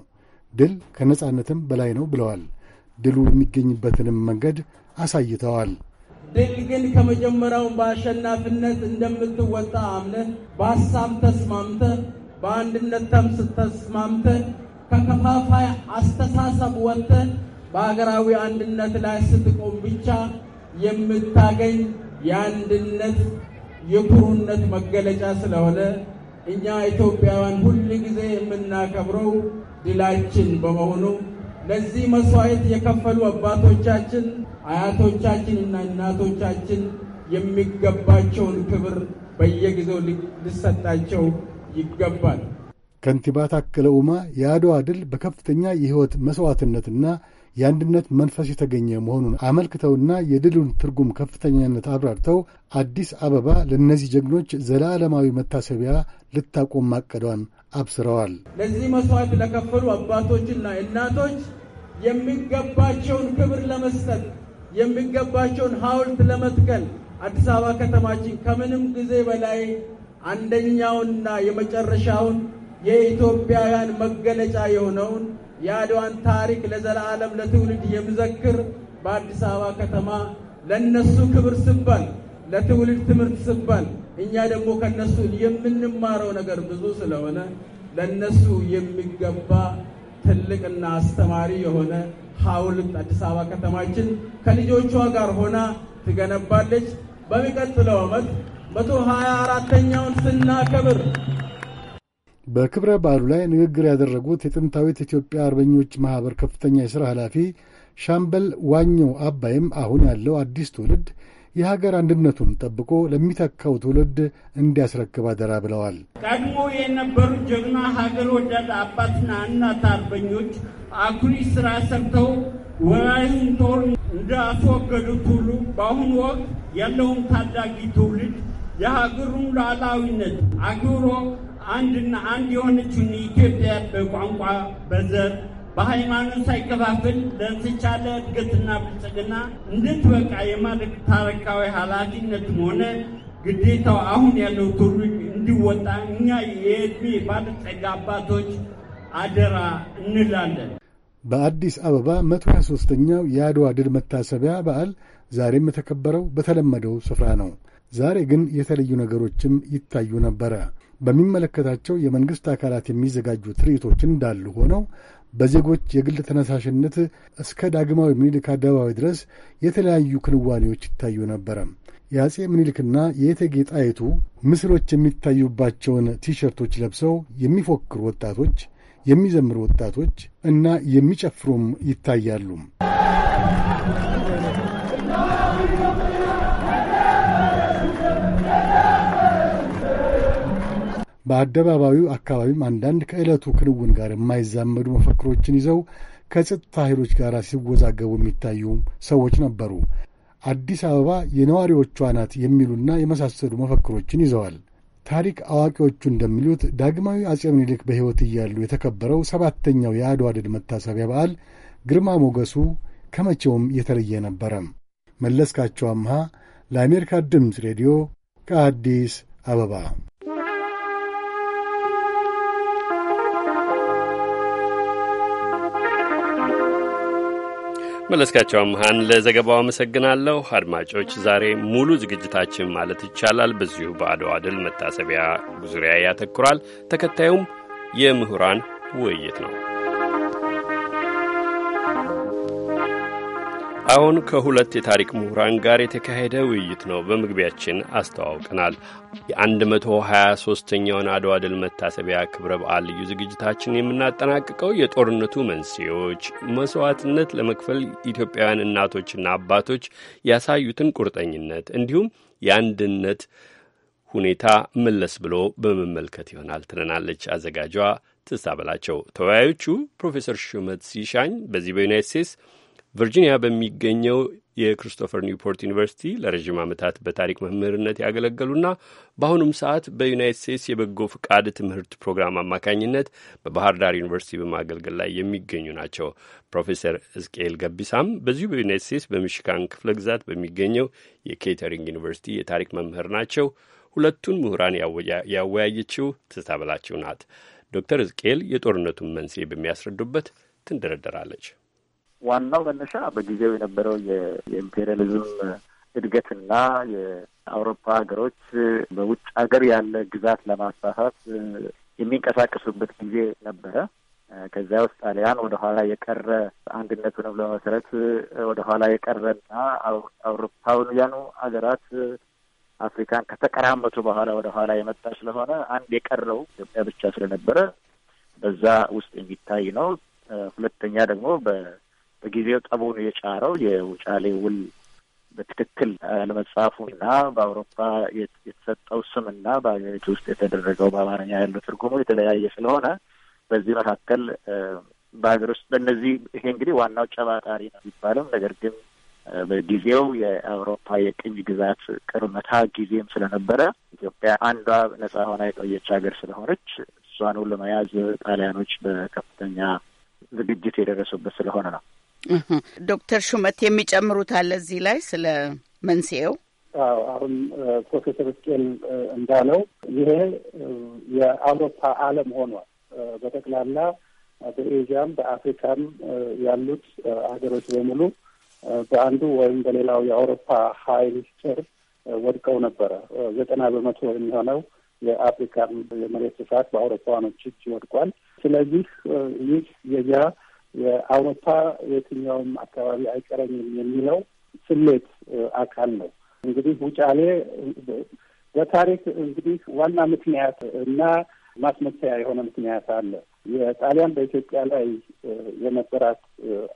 ድል ከነጻነትም በላይ ነው ብለዋል። ድሉ የሚገኝበትንም መንገድ አሳይተዋል። ድል ግን ከመጀመሪያውም በአሸናፊነት እንደምትወጣ አምነህ በሀሳብ ተስማምተህ በአንድነት ስተስማምተን ከከፋፋይ አስተሳሰብ ወጥተህ በሀገራዊ አንድነት ላይ ስትቆም ብቻ የምታገኝ የአንድነት የኩሩነት መገለጫ ስለሆነ እኛ ኢትዮጵያውያን ሁል ጊዜ የምናከብረው ድላችን በመሆኑ ለዚህ መስዋዕት የከፈሉ አባቶቻችን፣ አያቶቻችን እና እናቶቻችን የሚገባቸውን ክብር በየጊዜው ሊሰጣቸው ይገባል። ከንቲባ ታከለ ኡማ የአድዋ ድል በከፍተኛ የሕይወት መሥዋዕትነትና የአንድነት መንፈስ የተገኘ መሆኑን አመልክተውና የድሉን ትርጉም ከፍተኛነት አብራርተው አዲስ አበባ ለእነዚህ ጀግኖች ዘላለማዊ መታሰቢያ ልታቆም ማቀዷን አብስረዋል። ለዚህ መሥዋዕት ለከፈሉ አባቶችና እናቶች የሚገባቸውን ክብር ለመስጠት የሚገባቸውን ሐውልት ለመትከል አዲስ አበባ ከተማችን ከምንም ጊዜ በላይ አንደኛውና የመጨረሻውን የኢትዮጵያውያን መገለጫ የሆነውን የአድዋን ታሪክ ለዘላለም ለትውልድ የሚዘክር በአዲስ አበባ ከተማ ለነሱ ክብር ስባል ለትውልድ ትምህርት ስባል እኛ ደግሞ ከነሱ የምንማረው ነገር ብዙ ስለሆነ ለነሱ የሚገባ ትልቅና አስተማሪ የሆነ ሐውልት አዲስ አበባ ከተማችን ከልጆቿ ጋር ሆና ትገነባለች። በሚቀጥለው ዓመት መቶ ሀያ አራተኛውን ስናከብር በክብረ በዓሉ ላይ ንግግር ያደረጉት የጥንታዊት ኢትዮጵያ አርበኞች ማኅበር ከፍተኛ የሥራ ኃላፊ ሻምበል ዋኘው አባይም አሁን ያለው አዲስ ትውልድ የሀገር አንድነቱን ጠብቆ ለሚተካው ትውልድ እንዲያስረክብ አደራ ብለዋል። ቀድሞ የነበሩ ጀግና ሀገር ወዳድ አባትና እናት አርበኞች አኩሪ ስራ ሰርተው ወራሪውን ጦር እንዳስወገዱት ሁሉ በአሁኑ ወቅት ያለውን ታዳጊ ትውልድ የሀገሩን ሉዓላዊነት አግብሮ አንድና አንድ የሆነችውን ኢትዮጵያ በቋንቋ፣ በዘር፣ በሃይማኖት ሳይከፋፍል ለተቻለ እድገትና ብልጽግና እንድትበቃ የማድረግ ታሪካዊ ኃላፊነትም ሆነ ግዴታው አሁን ያለው ትውልድ እንዲወጣ እኛ የዕድሜ ባለጸጋ አባቶች አደራ እንላለን። በአዲስ አበባ መቶ ሃያ ሦስተኛው የአድዋ ድል መታሰቢያ በዓል ዛሬም የተከበረው በተለመደው ስፍራ ነው። ዛሬ ግን የተለዩ ነገሮችም ይታዩ ነበረ። በሚመለከታቸው የመንግሥት አካላት የሚዘጋጁ ትርኢቶች እንዳሉ ሆነው በዜጎች የግል ተነሳሽነት እስከ ዳግማዊ ምኒልክ አደባባይ ድረስ የተለያዩ ክንዋኔዎች ይታዩ ነበረ። የአጼ ምኒልክና የእቴጌ ጣይቱ ምስሎች የሚታዩባቸውን ቲሸርቶች ለብሰው የሚፎክሩ ወጣቶች፣ የሚዘምሩ ወጣቶች እና የሚጨፍሩም ይታያሉ። በአደባባዩ አካባቢም አንዳንድ ከዕለቱ ክንውን ጋር የማይዛመዱ መፈክሮችን ይዘው ከጸጥታ ኃይሎች ጋር ሲወዛገቡ የሚታዩ ሰዎች ነበሩ። አዲስ አበባ የነዋሪዎቿ ናት የሚሉና የመሳሰሉ መፈክሮችን ይዘዋል። ታሪክ አዋቂዎቹ እንደሚሉት ዳግማዊ አጼ ምኒልክ በሕይወት እያሉ የተከበረው ሰባተኛው የአድዋ ድል መታሰቢያ በዓል ግርማ ሞገሱ ከመቼውም የተለየ ነበረ። መለስካቸው አምሃ ለአሜሪካ ድምፅ ሬዲዮ ከአዲስ አበባ መለስካቸው አምሃን ለዘገባው አመሰግናለሁ። አድማጮች፣ ዛሬ ሙሉ ዝግጅታችን ማለት ይቻላል በዚሁ በአድዋ ድል መታሰቢያ ዙሪያ ያተኩራል። ተከታዩም የምሁራን ውይይት ነው። አሁን ከሁለት የታሪክ ምሁራን ጋር የተካሄደ ውይይት ነው። በመግቢያችን አስተዋውቀናል። የ123ኛውን አድዋ ድል መታሰቢያ ክብረ በዓል ልዩ ዝግጅታችን የምናጠናቅቀው የጦርነቱ መንስኤዎች፣ መስዋዕትነት ለመክፈል ኢትዮጵያውያን እናቶችና አባቶች ያሳዩትን ቁርጠኝነት እንዲሁም የአንድነት ሁኔታ መለስ ብሎ በመመልከት ይሆናል ትለናለች አዘጋጇ ትዝታ በላቸው። ተወያዮቹ ፕሮፌሰር ሹመት ሲሻኝ በዚህ በዩናይት ስቴትስ ቨርጂኒያ በሚገኘው የክሪስቶፈር ኒውፖርት ዩኒቨርሲቲ ለረዥም ዓመታት በታሪክ መምህርነት ያገለገሉና በአሁኑም ሰዓት በዩናይት ስቴትስ የበጎ ፍቃድ ትምህርት ፕሮግራም አማካኝነት በባህር ዳር ዩኒቨርሲቲ በማገልገል ላይ የሚገኙ ናቸው። ፕሮፌሰር እዝቅኤል ገቢሳም በዚሁ በዩናይት ስቴትስ በሚሽካን ክፍለ ግዛት በሚገኘው የኬተሪንግ ዩኒቨርሲቲ የታሪክ መምህር ናቸው። ሁለቱን ምሁራን ያወያየችው ትዝታ ናት። ዶክተር እዝቅኤል የጦርነቱን መንስኤ በሚያስረዱበት ትንደረደራለች። ዋናው መነሻ በጊዜው የነበረው የኢምፔሪያሊዝም እድገትና የአውሮፓ ሀገሮች በውጭ ሀገር ያለ ግዛት ለማስፋፋት የሚንቀሳቀሱበት ጊዜ ነበረ። ከዚያ ውስጥ ጣሊያን ወደ ኋላ የቀረ አንድነቱንም ለመሰረት ወደ ኋላ የቀረና አውሮፓውያኑ ሀገራት አፍሪካን ከተቀራመቱ በኋላ ወደ ኋላ የመጣ ስለሆነ አንድ የቀረው ኢትዮጵያ ብቻ ስለነበረ በዛ ውስጥ የሚታይ ነው። ሁለተኛ ደግሞ በጊዜው ጠቡን የጫረው የውጫሌ ውል በትክክል አለመጻፉና በአውሮፓ የተሰጠው ስምና በሀገሪቱ ውስጥ የተደረገው በአማርኛ ያለው ትርጉሙ የተለያየ ስለሆነ በዚህ መካከል በሀገር ውስጥ በእነዚህ ይሄ እንግዲህ ዋናው ጨባጣሪ ነው የሚባለው ነገር ግን በጊዜው የአውሮፓ የቅኝ ግዛት ቅርመታ ጊዜም ስለነበረ ኢትዮጵያ አንዷ ነጻ ሆና የቆየች ሀገር ስለሆነች እሷኑ ለመያዝ ጣሊያኖች በከፍተኛ ዝግጅት የደረሱበት ስለሆነ ነው። ዶክተር ሹመት የሚጨምሩት አለ እዚህ ላይ ስለ መንስኤው? አዎ አሁን ፕሮፌሰር እስቄል እንዳለው ይሄ የአውሮፓ ዓለም ሆኗል። በጠቅላላ በኤዥያም በአፍሪካም ያሉት ሀገሮች በሙሉ በአንዱ ወይም በሌላው የአውሮፓ ኃይል ስር ወድቀው ነበረ። ዘጠና በመቶ የሚሆነው የአፍሪካን የመሬት ስፋት በአውሮፓውያኖች እጅ ወድቋል። ስለዚህ ይህ የዚያ የአውሮፓ የትኛውም አካባቢ አይቀረኝም የሚለው ስሌት አካል ነው። እንግዲህ ውጫሌ በታሪክ እንግዲህ ዋና ምክንያት እና ማስመሰያ የሆነ ምክንያት አለ። የጣሊያን በኢትዮጵያ ላይ የነበራት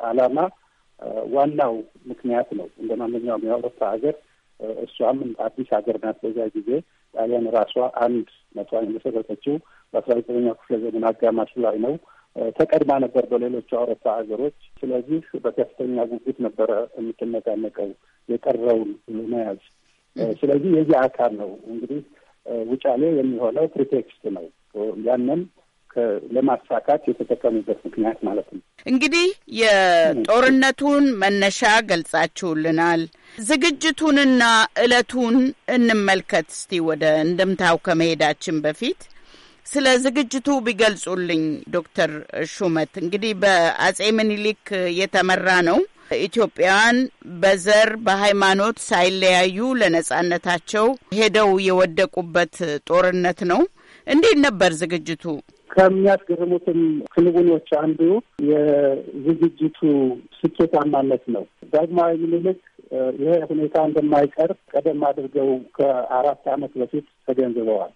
ዓላማ ዋናው ምክንያት ነው። እንደ ማንኛውም የአውሮፓ ሀገር እሷም አዲስ ሀገር ናት። በዛ ጊዜ ጣሊያን ራሷ አንድ መቷን የመሰረተችው በአስራ ዘጠነኛው ክፍለ ዘመን አጋማሽ ላይ ነው። ተቀድማ ነበር በሌሎቹ አውሮፓ ሀገሮች። ስለዚህ በከፍተኛ ጉጉት ነበረ የምትነቃነቀው የቀረውን ለመያዝ። ስለዚህ የዚህ አካል ነው እንግዲህ ውጫሌ የሚሆነው ፕሪቴክስት ነው ያንን ለማሳካት የተጠቀሙበት ምክንያት ማለት ነው። እንግዲህ የጦርነቱን መነሻ ገልጻችሁልናል። ዝግጅቱንና እለቱን እንመልከት እስቲ ወደ እንደምታው ከመሄዳችን በፊት ስለ ዝግጅቱ ቢገልጹልኝ ዶክተር ሹመት። እንግዲህ በአጼ ምኒልክ የተመራ ነው። ኢትዮጵያውያን በዘር በሃይማኖት ሳይለያዩ ለነጻነታቸው ሄደው የወደቁበት ጦርነት ነው። እንዴት ነበር ዝግጅቱ? ከሚያስገርሙትም ክንውኖች አንዱ የዝግጅቱ ስኬታማነት ነው። ዳግማዊ ምኒልክ ይሄ ሁኔታ እንደማይቀር ቀደም አድርገው ከአራት ዓመት በፊት ተገንዝበዋል።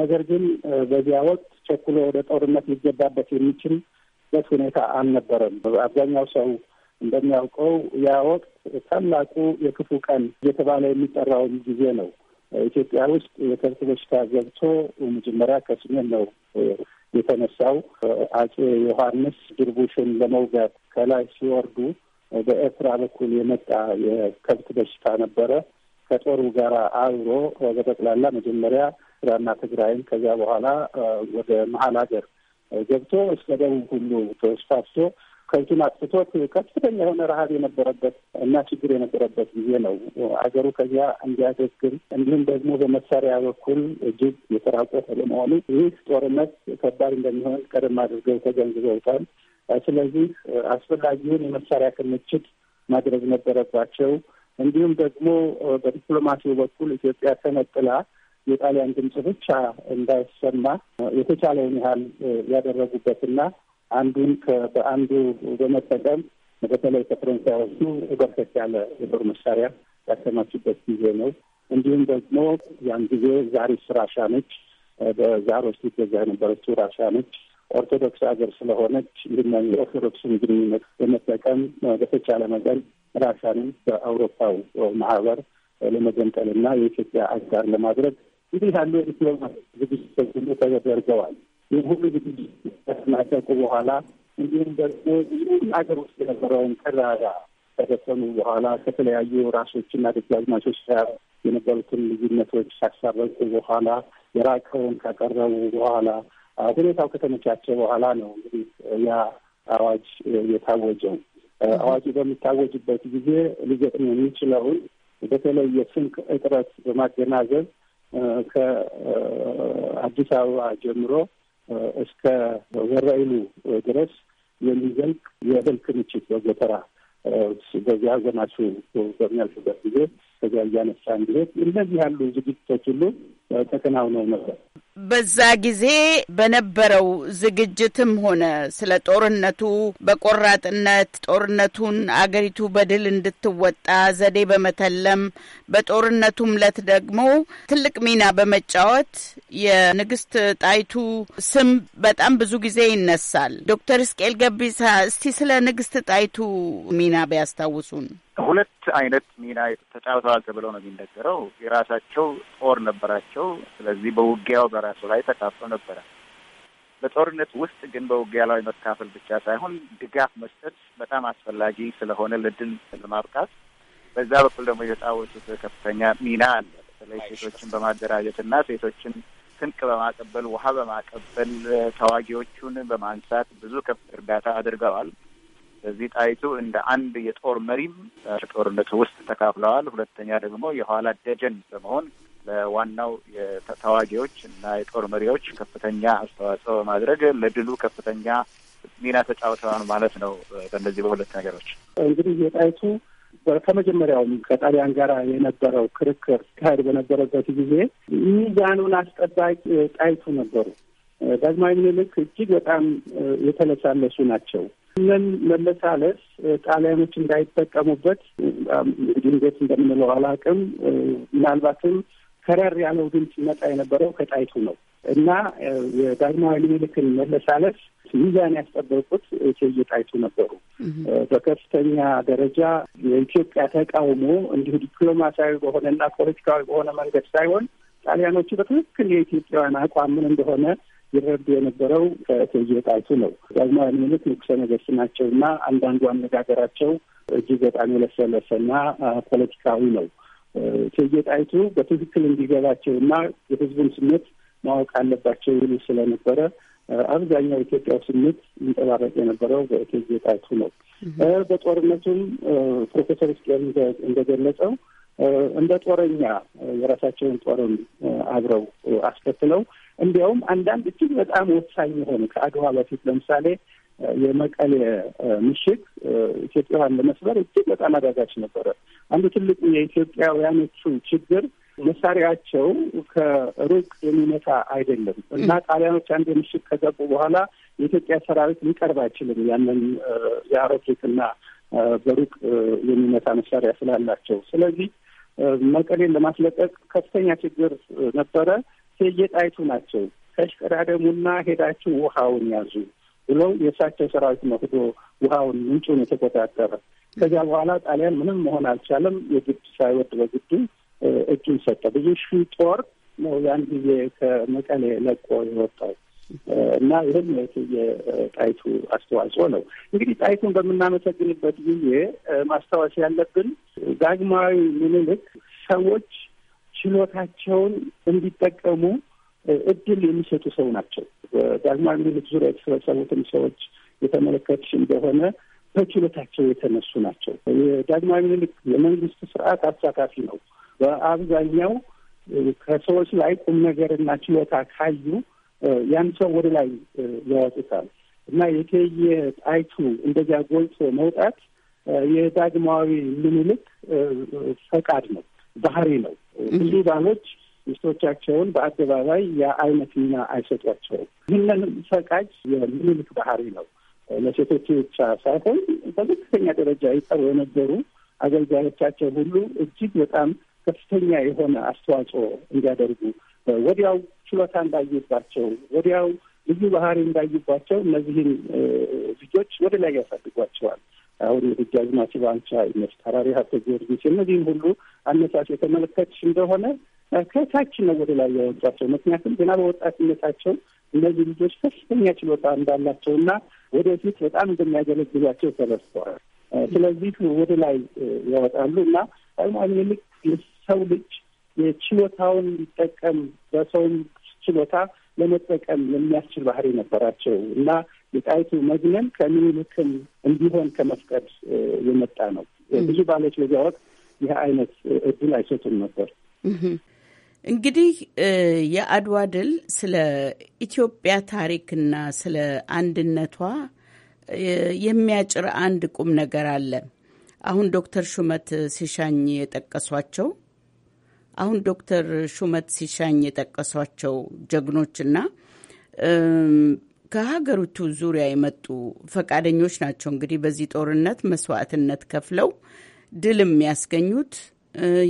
ነገር ግን በዚያ ወቅት ቸኩሎ ወደ ጦርነት ሊገባበት የሚችልበት ሁኔታ አልነበረም። አብዛኛው ሰው እንደሚያውቀው ያ ወቅት ታላቁ የክፉ ቀን እየተባለ የሚጠራውን ጊዜ ነው። ኢትዮጵያ ውስጥ የከብት በሽታ ገብቶ መጀመሪያ ከስሜን ነው የተነሳው። አጼ ዮሐንስ ድርቡሽን ለመውጋት ከላይ ሲወርዱ በኤርትራ በኩል የመጣ የከብት በሽታ ነበረ። ከጦሩ ጋር አብሮ በጠቅላላ መጀመሪያ ኤርትራና ትግራይም ከዚያ በኋላ ወደ መሀል ሀገር ገብቶ እስከ ደቡብ ሁሉ ተስፋፍቶ ከብቱን አጥፍቶት ከፍተኛ የሆነ ረሀብ የነበረበት እና ችግር የነበረበት ጊዜ ነው። አገሩ ከዚያ እንዲያገግም እንዲሁም ደግሞ በመሳሪያ በኩል እጅግ የተራቆተ ለመሆኑ ይህ ጦርነት ከባድ እንደሚሆን ቀደም አድርገው ተገንዝበውታል። ስለዚህ አስፈላጊውን የመሳሪያ ክምችት ማድረግ ነበረባቸው። እንዲሁም ደግሞ በዲፕሎማሲው በኩል ኢትዮጵያ ተነጥላ የጣሊያን ድምጽ ብቻ እንዳይሰማ የተቻለውን ያህል ያደረጉበትና አንዱን በአንዱ በመጠቀም በተለይ ከፈረንሳዮቹ በርከት ያለ የጦር መሳሪያ ያከማችበት ጊዜ ነው። እንዲሁም ደግሞ ያን ጊዜ ዛሪስ ራሻነች በዛሮች ሊገዛ የነበረችው ራሻነች ኦርቶዶክስ ሀገር ስለሆነች ይህንን የኦርቶዶክስን ግንኙነት በመጠቀም በተቻለ መጠን ራሻንን በአውሮፓው ማህበር ለመገንጠል ለመገንጠልና የኢትዮጵያ አጋር ለማድረግ እንዲህ ያሉ የዲፕሎማት ዝግጅቶች ሁሉ ተደርገዋል። ይህ ዝግጅት ከተጠናቀቁ በኋላ እንዲሁም ደግሞ አገር ውስጥ የነበረውን ከዛዛ ከደፈኑ በኋላ ከተለያዩ ራሶችና ደጃዝማቾች ጋር የነበሩትን ልዩነቶች ሳሳረቁ በኋላ የራቀውን ካቀረቡ በኋላ ሁኔታው ከተመቻቸ በኋላ ነው እንግዲህ ያ አዋጅ የታወጀው። አዋጁ በሚታወጅበት ጊዜ ሊገጥም የሚችለውን በተለይ የስንቅ እጥረት በማገናዘብ ከአዲስ አበባ ጀምሮ እስከ ወረኢሉ ድረስ የሚዘልቅ የእህል ክምችት በጎተራ በዚያ ሀዘናቸው በሚያልፍበት ጊዜ ከዚያ እያነሳ እንዲሄድ እንደዚህ ያሉ ዝግጅቶች ሁሉ ተከናውነው ነበር። በዛ ጊዜ በነበረው ዝግጅትም ሆነ ስለ ጦርነቱ በቆራጥነት ጦርነቱን አገሪቱ በድል እንድትወጣ ዘዴ በመተለም በጦርነቱም ለት ደግሞ ትልቅ ሚና በመጫወት የንግስት ጣይቱ ስም በጣም ብዙ ጊዜ ይነሳል። ዶክተር እስቄል ገቢሳ እስቲ ስለ ንግስት ጣይቱ ሚና ቢያስታውሱን። ሁለት አይነት ሚና ተጫውተዋል ተብለው ነው የሚነገረው። የራሳቸው ጦር ነበራቸው። ስለዚህ በውጊያው በራሱ ላይ ተካፍለው ነበረ። በጦርነት ውስጥ ግን በውጊያ ላይ መካፈል ብቻ ሳይሆን ድጋፍ መስጠት በጣም አስፈላጊ ስለሆነ ልድን ለማብቃት በዛ በኩል ደግሞ የተጫወቱት ከፍተኛ ሚና አለ። በተለይ ሴቶችን በማደራጀት እና ሴቶችን ስንቅ በማቀበል ውሃ በማቀበል ተዋጊዎቹን በማንሳት ብዙ ከፍ እርዳታ አድርገዋል። በዚህ ጣይቱ እንደ አንድ የጦር መሪም ጦርነቱ ውስጥ ተካፍለዋል። ሁለተኛ ደግሞ የኋላ ደጀን በመሆን ለዋናው የተዋጊዎች እና የጦር መሪዎች ከፍተኛ አስተዋጽኦ በማድረግ ለድሉ ከፍተኛ ሚና ተጫውተዋል ማለት ነው። በእነዚህ በሁለት ነገሮች እንግዲህ የጣይቱ ከመጀመሪያውም ከጣሊያን ጋር የነበረው ክርክር ካሄድ በነበረበት ጊዜ ሚዛኑን አስጠባቂ ጣይቱ ነበሩ። ዳግማዊ ምኒልክ እጅግ በጣም የተለሳለሱ ናቸው። ምን መለሳለስ ጣሊያኖች እንዳይጠቀሙበት እንግዲህ እንዴት እንደምንለው አላውቅም። ምናልባትም ከረር ያለው ግን ሲመጣ የነበረው ከጣይቱ ነው እና የዳግማዊ ምኒልክን መለሳለስ ሚዛን ያስጠበቁት እቴጌ ጣይቱ ነበሩ። በከፍተኛ ደረጃ የኢትዮጵያ ተቃውሞ እንዲሁ ዲፕሎማሲያዊ በሆነና ፖለቲካዊ በሆነ መንገድ ሳይሆን ጣሊያኖቹ በትክክል የኢትዮጵያውያን አቋም ምን እንደሆነ ይረዱ የነበረው ከእቴጌ ጣይቱ ነው። ዳግማዊ ምኒልክ ንጉሠ ነገሥት ናቸው እና አንዳንዱ አነጋገራቸው እጅግ በጣም የለሰለሰ የለሰለሰና ፖለቲካዊ ነው። እቴጌ ጣይቱ በትክክል እንዲገባቸው እና የሕዝቡን ስሜት ማወቅ አለባቸው ይሉ ስለነበረ አብዛኛው ኢትዮጵያው ስሜት ይንጠባረቅ የነበረው በእቴጌ ጣይቱ ነው። በጦርነቱም ፕሮፌሰር ስቄር እንደገለጸው እንደ ጦረኛ የራሳቸውን ጦርን አብረው አስከትለው እንዲያውም አንዳንድ እጅግ በጣም ወሳኝ የሆኑ ከአድዋ በፊት ለምሳሌ የመቀሌ ምሽግ ኢትዮጵያውያን ለመስበር እጅግ በጣም አዳጋች ነበረ። አንዱ ትልቁ የኢትዮጵያውያኖቹ ችግር መሳሪያቸው ከሩቅ የሚመታ አይደለም እና ጣሊያኖች አንድ ምሽግ ከገቡ በኋላ የኢትዮጵያ ሰራዊት ሊቀርብ አይችልም። ያንን የአሮኬትና በሩቅ የሚመታ መሳሪያ ስላላቸው ስለዚህ መቀሌን ለማስለቀቅ ከፍተኛ ችግር ነበረ። እቴጌ ጣይቱ ናቸው ተሽቀዳደሙና ሄዳችሁ ውሃውን ያዙ ብለው የእሳቸው ሰራዊት መክዶ ውሃውን ምንጩን የተቆጣጠረ። ከዚያ በኋላ ጣሊያን ምንም መሆን አልቻለም። የግድ ሳይወድ በግዱ እጁን ሰጠ። ብዙ ሺህ ጦር ነው ያን ጊዜ ከመቀሌ ለቆ የወጣው። እና ይህም የጣይቱ አስተዋጽኦ ነው። እንግዲህ ጣይቱን በምናመሰግንበት ጊዜ ማስታወስ ያለብን ዳግማዊ ምኒልክ ሰዎች ችሎታቸውን እንዲጠቀሙ እድል የሚሰጡ ሰው ናቸው። ዳግማዊ ምኒልክ ዙሪያ የተሰበሰቡትን ሰዎች የተመለከትሽ እንደሆነ በችሎታቸው የተነሱ ናቸው። የዳግማዊ ምኒልክ የመንግስት ስርዓት አሳታፊ ነው። በአብዛኛው ከሰዎች ላይ ቁም ነገርና ችሎታ ካዩ ያን ሰው ወደ ላይ ያወጡታል እና የእቴጌ ጣይቱ እንደዚያ ጎልቶ መውጣት የዳግማዊ ምኒልክ ፈቃድ ነው፣ ባህሪ ነው። ብዙ ባሎች ሚስቶቻቸውን በአደባባይ የአይነት ሚና አይሰጧቸውም። ይህንን ፈቃጅ የምኒልክ ባህሪ ነው። ለሴቶች ብቻ ሳይሆን በከፍተኛ ደረጃ ይጠሩ የነበሩ አገልጋዮቻቸው ሁሉ እጅግ በጣም ከፍተኛ የሆነ አስተዋጽኦ እንዲያደርጉ ወዲያው ችሎታ እንዳየባቸው ወዲያው ልዩ ባህሪ እንዳይባቸው እነዚህን ልጆች ወደ ላይ ያሳድጓቸዋል። አሁን ደጃዝማች ባንቻ ይመች፣ ተራሪ ሀብተ ጊዮርጊስ እነዚህም ሁሉ አነሳሽ የተመለከትሽ እንደሆነ ከታች ነው ወደ ላይ ያወጧቸው። ምክንያቱም ገና በወጣትነታቸው እነዚህ ልጆች ከፍተኛ ችሎታ እንዳላቸው እና ወደፊት በጣም እንደሚያገለግሏቸው ተለስተዋል። ስለዚህ ወደ ላይ ያወጣሉ እና ዳግማዊ ምኒልክ የሰው ልጅ የችሎታውን ሊጠቀም በሰውም ችሎታ ለመጠቀም የሚያስችል ባህሪ ነበራቸው እና የጣይቱ መግነን ከምኒልክም እንዲሆን ከመፍቀድ የመጣ ነው። ብዙ ባሎች በዚያ ወቅት ይህ አይነት እድል አይሰጡም ነበር። እንግዲህ የአድዋ ድል ስለ ኢትዮጵያ ታሪክና ስለ አንድነቷ የሚያጭር አንድ ቁም ነገር አለ። አሁን ዶክተር ሹመት ሲሻኝ የጠቀሷቸው አሁን ዶክተር ሹመት ሲሻኝ የጠቀሷቸው ጀግኖችና ከሀገሪቱ ዙሪያ የመጡ ፈቃደኞች ናቸው። እንግዲህ በዚህ ጦርነት መስዋዕትነት ከፍለው ድል የሚያስገኙት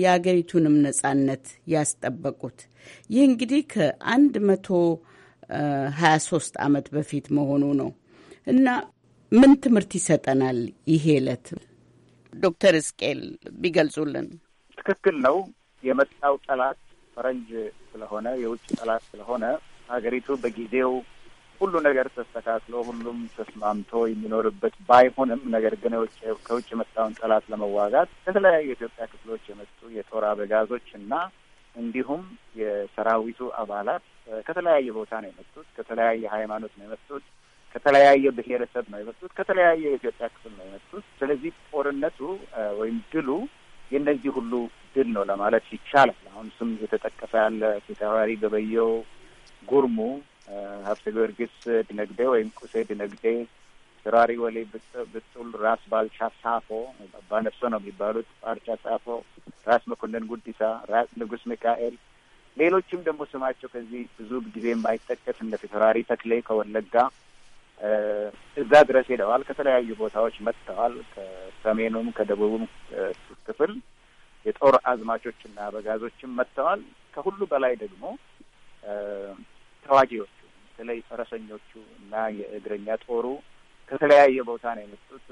የሀገሪቱንም ነጻነት ያስጠበቁት ይህ እንግዲህ ከአንድ መቶ ሀያ ሶስት ዓመት በፊት መሆኑ ነው እና ምን ትምህርት ይሰጠናል ይሄ ዕለት? ዶክተር እስቄል ቢገልጹልን። ትክክል ነው። የመጣው ጠላት ፈረንጅ ስለሆነ የውጭ ጠላት ስለሆነ ሀገሪቱ በጊዜው ሁሉ ነገር ተስተካክሎ ሁሉም ተስማምቶ የሚኖርበት ባይሆንም ነገር ግን ከውጭ የመጣውን ጠላት ለመዋጋት ከተለያዩ የኢትዮጵያ ክፍሎች የመጡ የጦር አበጋዞች እና እንዲሁም የሰራዊቱ አባላት ከተለያየ ቦታ ነው የመጡት። ከተለያየ ሃይማኖት ነው የመጡት። ከተለያየ ብሔረሰብ ነው የመጡት። ከተለያየ የኢትዮጵያ ክፍል ነው የመጡት። ስለዚህ ጦርነቱ ወይም ድሉ የእነዚህ ሁሉ ድል ነው ለማለት ይቻላል። አሁን ስም የተጠቀሰ ያለ ፊታውራሪ ገበየው ጉርሙ፣ ሀብተ ጊዮርጊስ ድነግዴ ወይም ቁሴ ድነግዴ፣ ስራሪ ወሌ ብጡል፣ ራስ ባልቻ ሳፎ ባነፍሶ ነው የሚባሉት፣ ባልቻ ሳፎ፣ ራስ መኮንን ጉዲሳ፣ ራስ ንጉስ ሚካኤል፣ ሌሎችም ደግሞ ስማቸው ከዚህ ብዙ ጊዜ የማይጠቀስ እንደ ፊታውራሪ ተክሌ ከወለጋ እዛ ድረስ ሄደዋል። ከተለያዩ ቦታዎች መጥተዋል። ከሰሜኑም ከደቡቡም ክፍል የጦር አዝማቾችና አበጋዞችም መጥተዋል። ከሁሉ በላይ ደግሞ ተዋጊዎቹ በተለይ ፈረሰኞቹ እና የእግረኛ ጦሩ ከተለያየ ቦታ ነው የመጡት።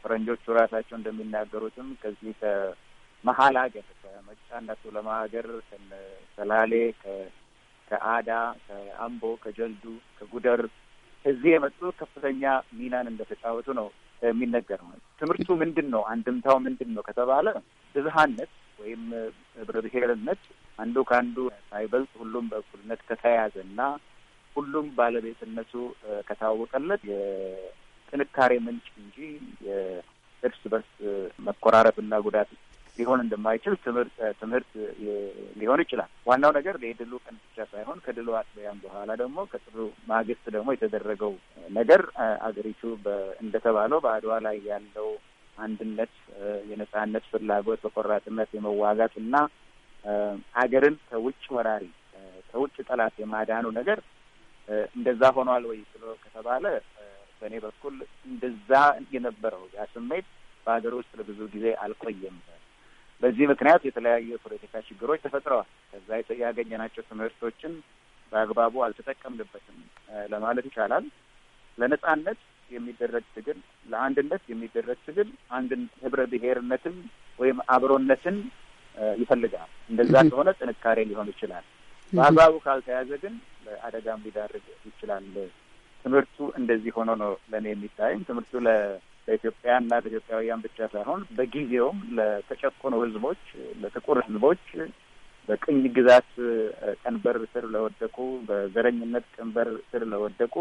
ፈረንጆቹ ራሳቸው እንደሚናገሩትም ከዚህ ከመሀል ሀገር ከመጫና ቱለማ ሀገር ከሰላሌ፣ ከአዳ፣ ከአምቦ፣ ከጀልዱ፣ ከጉደር እዚህ የመጡ ከፍተኛ ሚናን እንደተጫወቱ ነው የሚነገረው። ትምህርቱ ምንድን ነው? አንድምታው ምንድን ነው ከተባለ ብዝሃነት ወይም ብሔርነት አንዱ ከአንዱ ሳይበልጥ ሁሉም በእኩልነት ከተያያዘ እና ሁሉም ባለቤትነቱ ከታወቀለት የጥንካሬ ምንጭ እንጂ የእርስ በርስ ና ጉዳት ሊሆን እንደማይችል ትምህርት ሊሆን ይችላል። ዋናው ነገር የድሉ ቀን ብቻ ሳይሆን ከድሉ አጥቢያም በኋላ ደግሞ ከጥሩ ማግስት ደግሞ የተደረገው ነገር አገሪቱ እንደተባለው በአድዋ ላይ ያለው አንድነት፣ የነጻነት ፍላጎት በቆራጥነት የመዋጋት እና አገርን ከውጭ ወራሪ ከውጭ ጠላት የማዳኑ ነገር እንደዛ ሆኗል ወይ ስለ ከተባለ በእኔ በኩል እንደዛ የነበረው ያ ስሜት በሀገር ውስጥ ለብዙ ጊዜ አልቆየም። በዚህ ምክንያት የተለያዩ የፖለቲካ ችግሮች ተፈጥረዋል። ከዛ ያገኘናቸው ትምህርቶችን በአግባቡ አልተጠቀምንበትም ለማለት ይቻላል። ለነጻነት የሚደረግ ትግል፣ ለአንድነት የሚደረግ ትግል አንድ ህብረ ብሔርነትን ወይም አብሮነትን ይፈልጋል። እንደዛ ከሆነ ጥንካሬ ሊሆን ይችላል። በአግባቡ ካልተያዘ ግን ለአደጋም ሊዳርግ ይችላል። ትምህርቱ እንደዚህ ሆኖ ነው ለእኔ የሚታይም ትምህርቱ ለኢትዮጵያና ለኢትዮጵያውያን ብቻ ሳይሆን በጊዜውም ለተጨቆኑ ህዝቦች ለጥቁር ህዝቦች በቅኝ ግዛት ቀንበር ስር ለወደቁ በዘረኝነት ቀንበር ስር ለወደቁ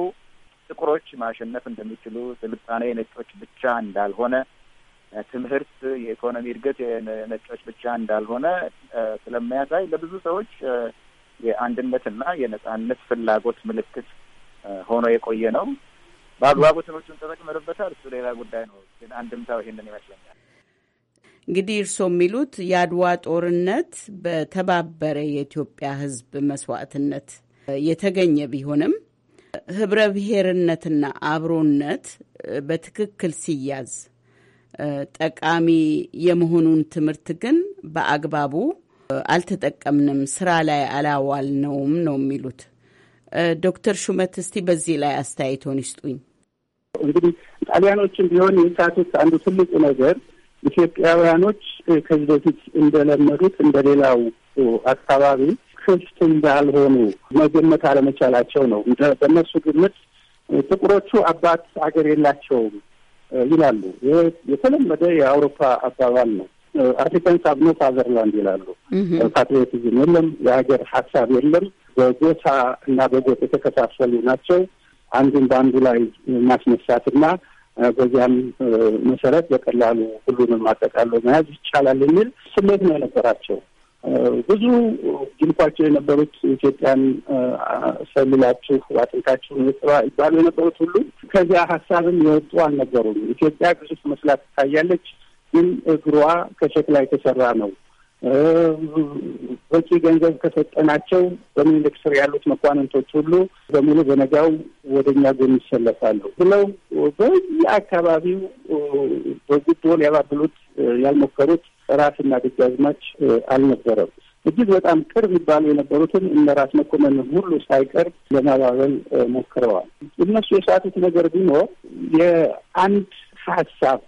ጥቁሮች ማሸነፍ እንደሚችሉ ስልጣኔ ነጮች ብቻ እንዳልሆነ ትምህርት፣ የኢኮኖሚ እድገት የነጮች ብቻ እንዳልሆነ ስለሚያሳይ ለብዙ ሰዎች የአንድነትና የነጻነት ፍላጎት ምልክት ሆኖ የቆየ ነው። በአግባቡ ትምህርቱን ተጠቅመርበታል። እሱ ሌላ ጉዳይ ነው፣ ግን አንድምታው ይሄንን ይመስለኛል። እንግዲህ እርስዎ የሚሉት የአድዋ ጦርነት በተባበረ የኢትዮጵያ ሕዝብ መስዋዕትነት የተገኘ ቢሆንም ህብረ ብሔርነትና አብሮነት በትክክል ሲያዝ ጠቃሚ የመሆኑን ትምህርት ግን በአግባቡ አልተጠቀምንም፣ ስራ ላይ አላዋል ነውም ነው የሚሉት ዶክተር ሹመት እስቲ በዚህ ላይ አስተያየቶን ይስጡኝ። እንግዲህ ጣሊያኖችን ቢሆን የሳቱት አንዱ ትልቁ ነገር ኢትዮጵያውያኖች ከዚህ በፊት እንደለመዱት እንደሌላው አካባቢ ክፍት እንዳልሆኑ መገመት አለመቻላቸው ነው። በእነሱ ግምት ጥቁሮቹ አባት አገር የላቸውም ይላሉ። የተለመደ የአውሮፓ አባባል ነው። አፍሪካንስ ሀቭ ኖ ፋዘርላንድ ይላሉ። ፓትሪዮቲዝም የለም፣ የሀገር ሀሳብ የለም፣ በጎሳ እና በጎጥ የተከፋፈሉ ናቸው። አንዱን በአንዱ ላይ ማስነሳትና በዚያም መሰረት በቀላሉ ሁሉንም ማጠቃለው መያዝ ይቻላል የሚል ስሜት ነው የነበራቸው። ብዙ ግንኳቸው የነበሩት ኢትዮጵያን ሰልላችሁ አጥንታችሁ ጥራ ይባሉ የነበሩት ሁሉ ከዚያ ሀሳብም የወጡ አልነበሩም። ኢትዮጵያ ግዙፍ መስላት ትታያለች፣ ግን እግሯ ከሸክላ የተሰራ ነው። በቂ ገንዘብ ከሰጠናቸው በሚኒልክ ስር ያሉት መኳንንቶች ሁሉ በሙሉ በነጋው ወደ እኛ ጎን ይሰለፋሉ ብለው በየአካባቢው በጉቦ ሊያባብሉት ያልሞከሩት ራስና ደጃዝማች አልነበረም። እጅግ በጣም ቅርብ ይባሉ የነበሩትን እነ ራስ መኮንን ሁሉ ሳይቀርብ ለማባበል ሞክረዋል። እነሱ የሳቱት ነገር ቢኖር የአንድ ሀሳብ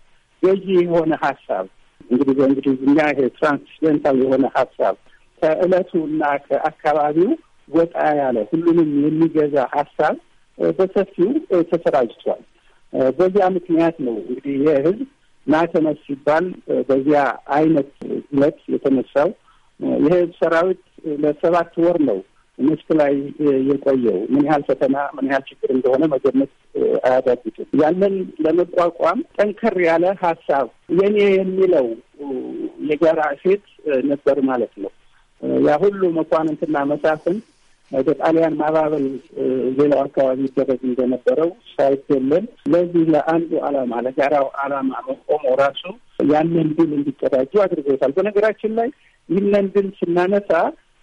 ገዢ የሆነ ሀሳብ እንግዲህ በእንግሊዝኛ ይሄ ትራንስደንታል የሆነ ሀሳብ ከእለቱ እና ከአካባቢው ወጣ ያለ ሁሉንም የሚገዛ ሀሳብ በሰፊው ተሰራጅቷል። በዚያ ምክንያት ነው እንግዲህ ይህ ህዝብ ናተነስ ሲባል በዚያ አይነት ግለት የተነሳው። የህዝብ ሰራዊት ለሰባት ወር ነው መስክ ላይ የቆየው ምን ያህል ፈተና ምን ያህል ችግር እንደሆነ መገመት አያዳግጥም። ያንን ለመቋቋም ጠንከር ያለ ሀሳብ የኔ የሚለው የጋራ እሴት ነበር ማለት ነው። ያ ሁሉ መኳንንትና መሳፍን በጣሊያን ማባበል ሌላው አካባቢ ይደረግ እንደነበረው ሳይገለል ለዚህ ለአንዱ ዓላማ ለጋራው ዓላማ መቆሙ ራሱ ያንን ድል እንዲቀዳጁ አድርጎታል። በነገራችን ላይ ይህንን ድል ስናነሳ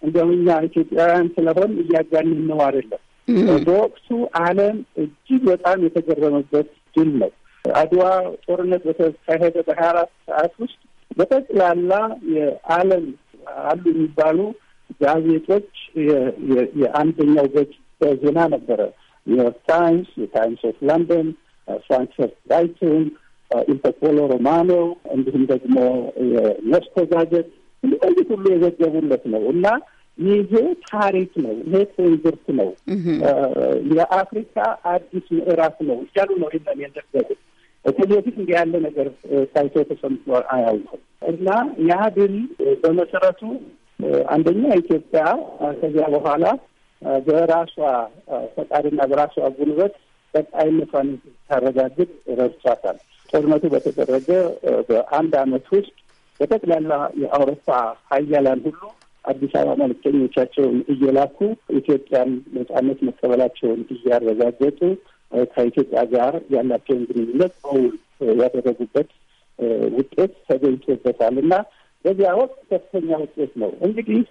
እንዲሁም እኛ ኢትዮጵያውያን ስለሆን እያጋንን ነው አይደለም። በወቅቱ ዓለም እጅግ በጣም የተገረመበት ድል ነው። አድዋ ጦርነት በተካሄደ በሀያ አራት ሰዓት ውስጥ በጠቅላላ የዓለም አሉ የሚባሉ ጋዜጦች የአንደኛው ገጽ ዜና ነበረ። ኒውዮርክ ታይምስ፣ የታይምስ ኦፍ ለንደን፣ ፍራንክፈርት ጋይቱን፣ ኢንተፖሎ ሮማኖ እንዲሁም ደግሞ የነስኮ ጋዜጥ እነዚህ ሁሉ የዘገቡለት ነው እና ይሄ ታሪክ ነው። ይሄ ትንዝርት ነው። የአፍሪካ አዲስ ምዕራፍ ነው እያሉ ነው ይለን የዘገቡት። ከዚህ በፊት እንዲህ ያለ ነገር ታይቶ ተሰምቶ አያውቅም እና ያ ድል በመሰረቱ አንደኛ ኢትዮጵያ ከዚያ በኋላ በራሷ ፈቃድና በራሷ ጉልበት ቀጣይነቷን ታረጋግጥ ረድቷታል። ጦርነቱ በተደረገ በአንድ አመት ውስጥ በጠቅላላ የአውሮፓ ሀያላን ሁሉ አዲስ አበባ መልክተኞቻቸውን እየላኩ ኢትዮጵያን ነጻነት መቀበላቸውን እያረጋገጡ ከኢትዮጵያ ጋር ያላቸውን ግንኙነት በውል ያደረጉበት ውጤት ተገኝቶበታል እና በዚያ ወቅት ከፍተኛ ውጤት ነው። እንግዲህ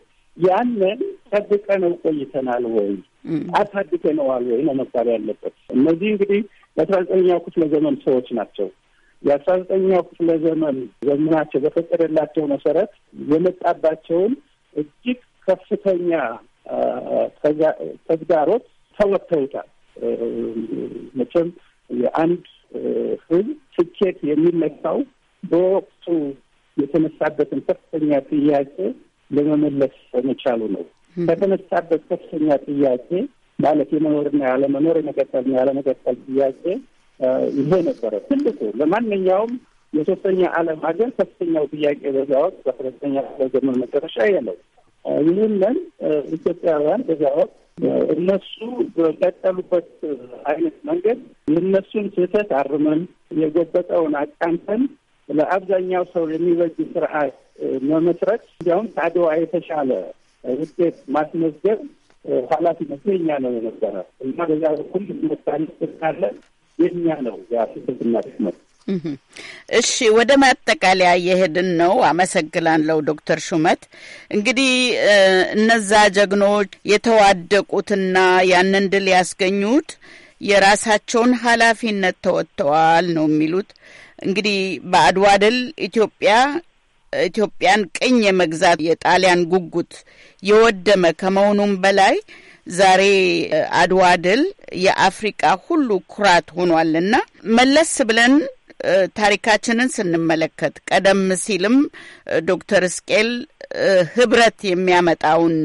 ያንን ጠብቀነው ቆይተናል ወይ አሳድገነዋል ወይ ነው መባል ያለበት። እነዚህ እንግዲህ በአስራ ዘጠነኛው ክፍለ ዘመን ሰዎች ናቸው። የአስራ ዘጠኛው ክፍለ ዘመን ዘመናቸው በፈቀደላቸው መሰረት የመጣባቸውን እጅግ ከፍተኛ ተግዳሮት ተወጥተውታል። መቼም የአንድ ህዝብ ስኬት የሚለካው በወቅቱ የተነሳበትን ከፍተኛ ጥያቄ ለመመለስ መቻሉ ነው። ከተነሳበት ከፍተኛ ጥያቄ ማለት የመኖርና ያለመኖር የመቀጠልና ያለመቀጠል ጥያቄ ይሄ ነበረ ትልቁ ለማንኛውም የሶስተኛ ዓለም ሀገር ከፍተኛው ጥያቄ በዛ ወቅት በሁለተኛ ዘመን መጨረሻ ያለው ይህንን ኢትዮጵያውያን በዛ ወቅት እነሱ በቀጠሉበት አይነት መንገድ የእነሱን ስህተት አርመን የጎበጠውን አቃንተን ለአብዛኛው ሰው የሚበጅ ስርዓት መመስረት እንዲያውም ከአድዋ የተሻለ ውጤት ማስመዝገብ ኃላፊነቱ የኛ ነው የነበረ እና በዛ በኩል መታነት የኛ ነው ያስብትና ትክመት እሺ ወደ ማጠቃለያ እየሄድን ነው። አመሰግናለሁ ዶክተር ሹመት። እንግዲህ እነዛ ጀግኖች የተዋደቁትና ያንን ድል ያስገኙት የራሳቸውን ኃላፊነት ተወጥተዋል ነው የሚሉት። እንግዲህ በአድዋ ድል ኢትዮጵያ ኢትዮጵያን ቅኝ የመግዛት የጣሊያን ጉጉት የወደመ ከመሆኑም በላይ ዛሬ አድዋ ድል የአፍሪቃ ሁሉ ኩራት ሆኗልና መለስ ብለን ታሪካችንን ስንመለከት ቀደም ሲልም ዶክተር እስቄል ህብረት የሚያመጣውን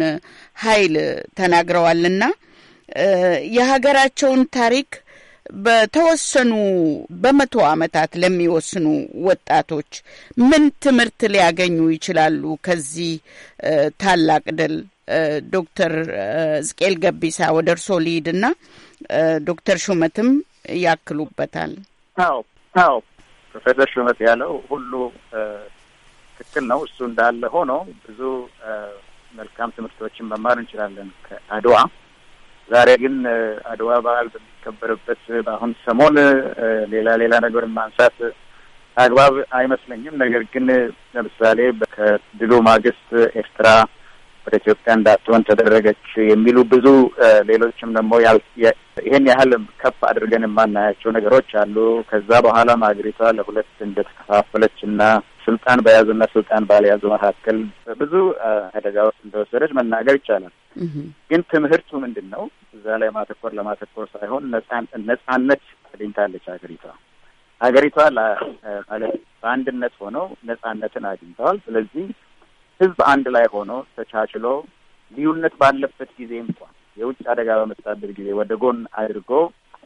ኃይል ተናግረዋልና የሀገራቸውን ታሪክ በተወሰኑ በመቶ ዓመታት ለሚወስኑ ወጣቶች ምን ትምህርት ሊያገኙ ይችላሉ? ከዚህ ታላቅ ድል ዶክተር ዝቄል ገቢሳ ወደ እርሶ ልሂድና ዶክተር ሹመትም ያክሉበታል። አዎ አዎ ፕሮፌሰር ሹመት ያለው ሁሉ ትክክል ነው። እሱ እንዳለ ሆኖ ብዙ መልካም ትምህርቶችን መማር እንችላለን ከአድዋ። ዛሬ ግን አድዋ በዓል በሚከበርበት በአሁን ሰሞን ሌላ ሌላ ነገር ማንሳት አግባብ አይመስለኝም። ነገር ግን ለምሳሌ ከድሉ ማግስት ኤርትራ ወደ ኢትዮጵያ እንዳትሆን ተደረገች የሚሉ ብዙ ሌሎችም ደግሞ ይህን ያህል ከፍ አድርገን የማናያቸው ነገሮች አሉ። ከዛ በኋላም ሀገሪቷ ለሁለት እንደተከፋፈለች እና ስልጣን በያዙና ስልጣን ባልያዙ መካከል ብዙ አደጋዎች እንደወሰደች መናገር ይቻላል። ግን ትምህርቱ ምንድን ነው? እዛ ላይ ማተኮር ለማተኮር ሳይሆን ነጻነት አግኝታለች ሀገሪቷ ሀገሪቷ ማለት በአንድነት ሆነው ነጻነትን አግኝተዋል። ስለዚህ ህዝብ አንድ ላይ ሆኖ ተቻችሎ ልዩነት ባለበት ጊዜ እንኳን የውጭ አደጋ በመጣበት ጊዜ ወደ ጎን አድርጎ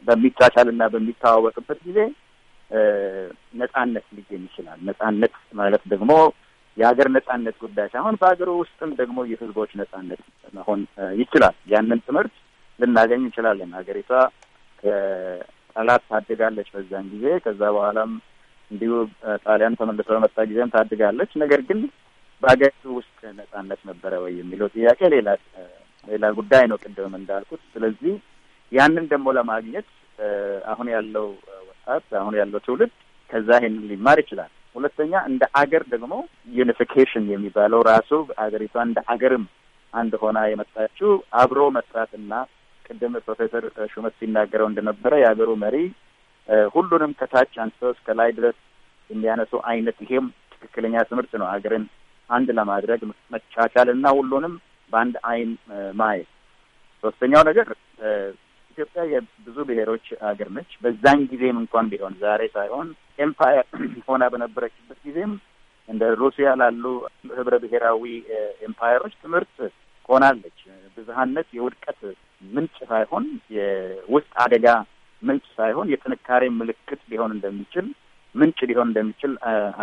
በሚቻቻልና በሚተዋወቅበት ጊዜ ነጻነት ሊገኝ ይችላል። ነጻነት ማለት ደግሞ የሀገር ነጻነት ጉዳይ ሳይሆን በሀገሩ ውስጥም ደግሞ የህዝቦች ነጻነት መሆን ይችላል። ያንን ትምህርት ልናገኝ እንችላለን። ሀገሪቷ ከጠላት ታድጋለች በዛን ጊዜ። ከዛ በኋላም እንዲሁ ጣሊያን ተመልሶ በመጣ ጊዜም ታድጋለች። ነገር ግን በሀገሪቱ ውስጥ ነጻነት ነበረ ወይ የሚለው ጥያቄ ሌላ ሌላ ጉዳይ ነው፣ ቅድም እንዳልኩት። ስለዚህ ያንን ደግሞ ለማግኘት አሁን ያለው ወጣት አሁን ያለው ትውልድ ከዛ ይሄንን ሊማር ይችላል። ሁለተኛ እንደ አገር ደግሞ ዩኒፊኬሽን የሚባለው ራሱ አገሪቷ እንደ አገርም አንድ ሆና የመጣችው አብሮ መስራትና ቅድም ፕሮፌሰር ሹመት ሲናገረው እንደነበረ የሀገሩ መሪ ሁሉንም ከታች አንስተው እስከ ላይ ድረስ የሚያነሱ አይነት ይሄም ትክክለኛ ትምህርት ነው ሀገርን አንድ ለማድረግ መቻቻል እና ሁሉንም በአንድ አይን ማየት። ሶስተኛው ነገር ኢትዮጵያ የብዙ ብሔሮች ሀገር ነች። በዛን ጊዜም እንኳን ቢሆን ዛሬ ሳይሆን ኤምፓየር ሆና በነበረችበት ጊዜም እንደ ሩሲያ ላሉ ህብረ ብሔራዊ ኤምፓየሮች ትምህርት ሆናለች። ብዝሃነት የውድቀት ምንጭ ሳይሆን የውስጥ አደጋ ምንጭ ሳይሆን የጥንካሬ ምልክት ሊሆን እንደሚችል ምንጭ ሊሆን እንደሚችል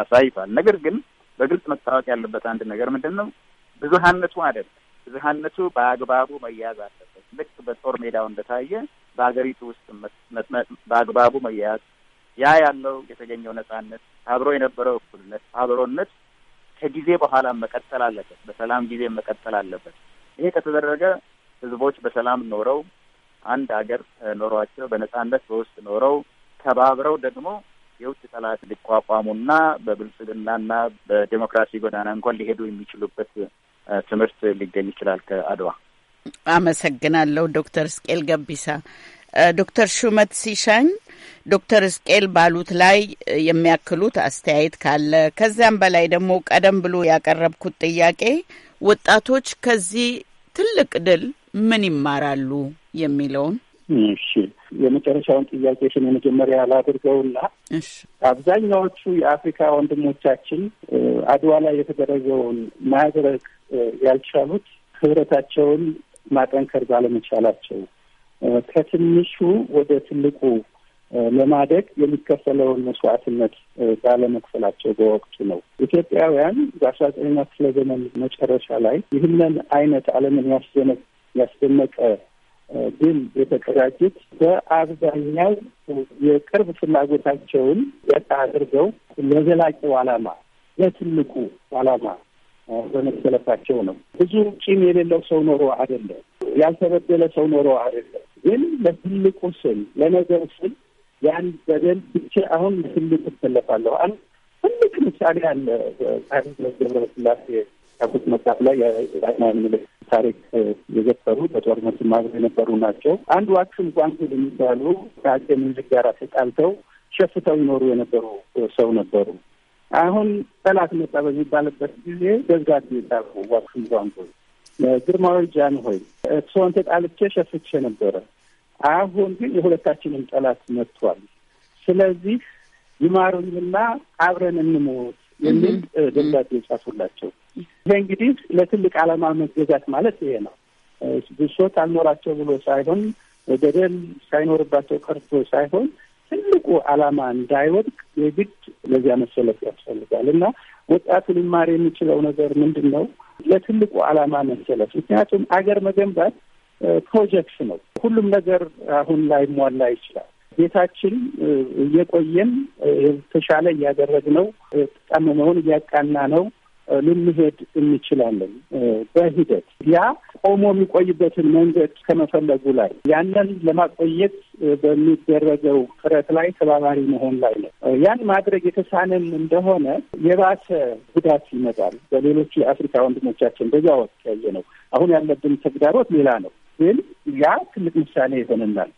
አሳይቷል። ነገር ግን በግልጽ መታወቅ ያለበት አንድ ነገር ምንድን ነው? ብዙሀነቱ አይደለም። ብዙሀነቱ በአግባቡ መያያዝ አለበት። ልክ በጦር ሜዳው እንደታየ በሀገሪቱ ውስጥ በአግባቡ መያያዝ ያ ያለው የተገኘው ነጻነት፣ አብሮ የነበረው እኩልነት፣ አብሮነት ከጊዜ በኋላ መቀጠል አለበት። በሰላም ጊዜ መቀጠል አለበት። ይሄ ከተደረገ ህዝቦች በሰላም ኖረው አንድ ሀገር ኖሯቸው በነጻነት በውስጥ ኖረው ተባብረው ደግሞ የውጭ ጠላት ሊቋቋሙና በብልጽግናና በዴሞክራሲ ጎዳና እንኳን ሊሄዱ የሚችሉበት ትምህርት ሊገኝ ይችላል ከአድዋ። አመሰግናለሁ ዶክተር እስቄል ገቢሳ። ዶክተር ሹመት ሲሻኝ ዶክተር እስቄል ባሉት ላይ የሚያክሉት አስተያየት ካለ ከዚያም በላይ ደግሞ ቀደም ብሎ ያቀረብኩት ጥያቄ ወጣቶች ከዚህ ትልቅ ድል ምን ይማራሉ የሚለውን እሺ የመጨረሻውን ጥያቄሽን የመጀመሪያ ላድርገውና አብዛኛዎቹ የአፍሪካ ወንድሞቻችን አድዋ ላይ የተደረገውን ማድረግ ያልቻሉት ህብረታቸውን ማጠንከር ባለመቻላቸው ከትንሹ ወደ ትልቁ ለማደግ የሚከፈለውን መስዋዕትነት ባለመክፈላቸው በወቅቱ ነው። ኢትዮጵያውያን በአስራ ዘጠነኛ ክፍለ ዘመን መጨረሻ ላይ ይህንን አይነት ዓለምን ያስደነቀ ድል የተቀዳጁት በአብዛኛው የቅርብ ፍላጎታቸውን ወጣ አድርገው ለዘላቂው ዓላማ ለትልቁ ዓላማ በመሰለፋቸው ነው። ብዙ ቂም የሌለው ሰው ኖሮ አይደለም፣ ያልተበደለ ሰው ኖሮ አይደለም። ግን ለትልቁ ስል ለነገር ስል ያን በደል ብቻ አሁን ለትልቅ እሰለፋለሁ። አንድ ትልቅ ምሳሌ አለ ታሪክ ገብረ ስላሴ ያኩት መጽሐፍ ላይ ምልክት ታሪክ የዘፈሩ በጦርነት ማብረ የነበሩ ናቸው። አንዱ አክሱም ቋንቋ የሚባሉ ከአጼ ምኒልክ ጋር ተጣልተው ሸፍተው ይኖሩ የነበሩ ሰው ነበሩ። አሁን ጠላት መጣ በሚባልበት ጊዜ ደዝጋት የሚባሉ አክሱም ቋንቋ ግርማዊ ጃንሆይ እርስዎን ተጣልቼ ሸፍቼ ነበረ። አሁን ግን የሁለታችንም ጠላት መጥቷል። ስለዚህ ይማሩኝና አብረን እንሞት የሚል ደብዳቤ ጻፉላቸው። ይህ እንግዲህ ለትልቅ ዓላማ መገዛት ማለት ይሄ ነው። ብሶት አልኖራቸው ብሎ ሳይሆን ገደል ሳይኖርባቸው ቀርቶ ሳይሆን ትልቁ ዓላማ እንዳይወድቅ የግድ ለዚያ መሰለፍ ያስፈልጋል እና ወጣቱ ሊማር የሚችለው ነገር ምንድን ነው? ለትልቁ ዓላማ መሰለፍ። ምክንያቱም አገር መገንባት ፕሮጀክት ነው። ሁሉም ነገር አሁን ላይ ሟላ ይችላል። ቤታችን እየቆየን የተሻለ ነው ጠመመውን እያቃና ነው ልንሄድ እንችላለን። በሂደት ያ ቆሞ የሚቆይበትን መንገድ ከመፈለጉ ላይ ያንን ለማቆየት በሚደረገው ጥረት ላይ ተባባሪ መሆን ላይ ነው። ያን ማድረግ የተሳነን እንደሆነ የባሰ ጉዳት ይመጣል። በሌሎች የአፍሪካ ወንድሞቻችን በዛ ወቅት ያየ ነው። አሁን ያለብን ተግዳሮት ሌላ ነው፣ ግን ያ ትልቅ ምሳሌ ይሆነናል።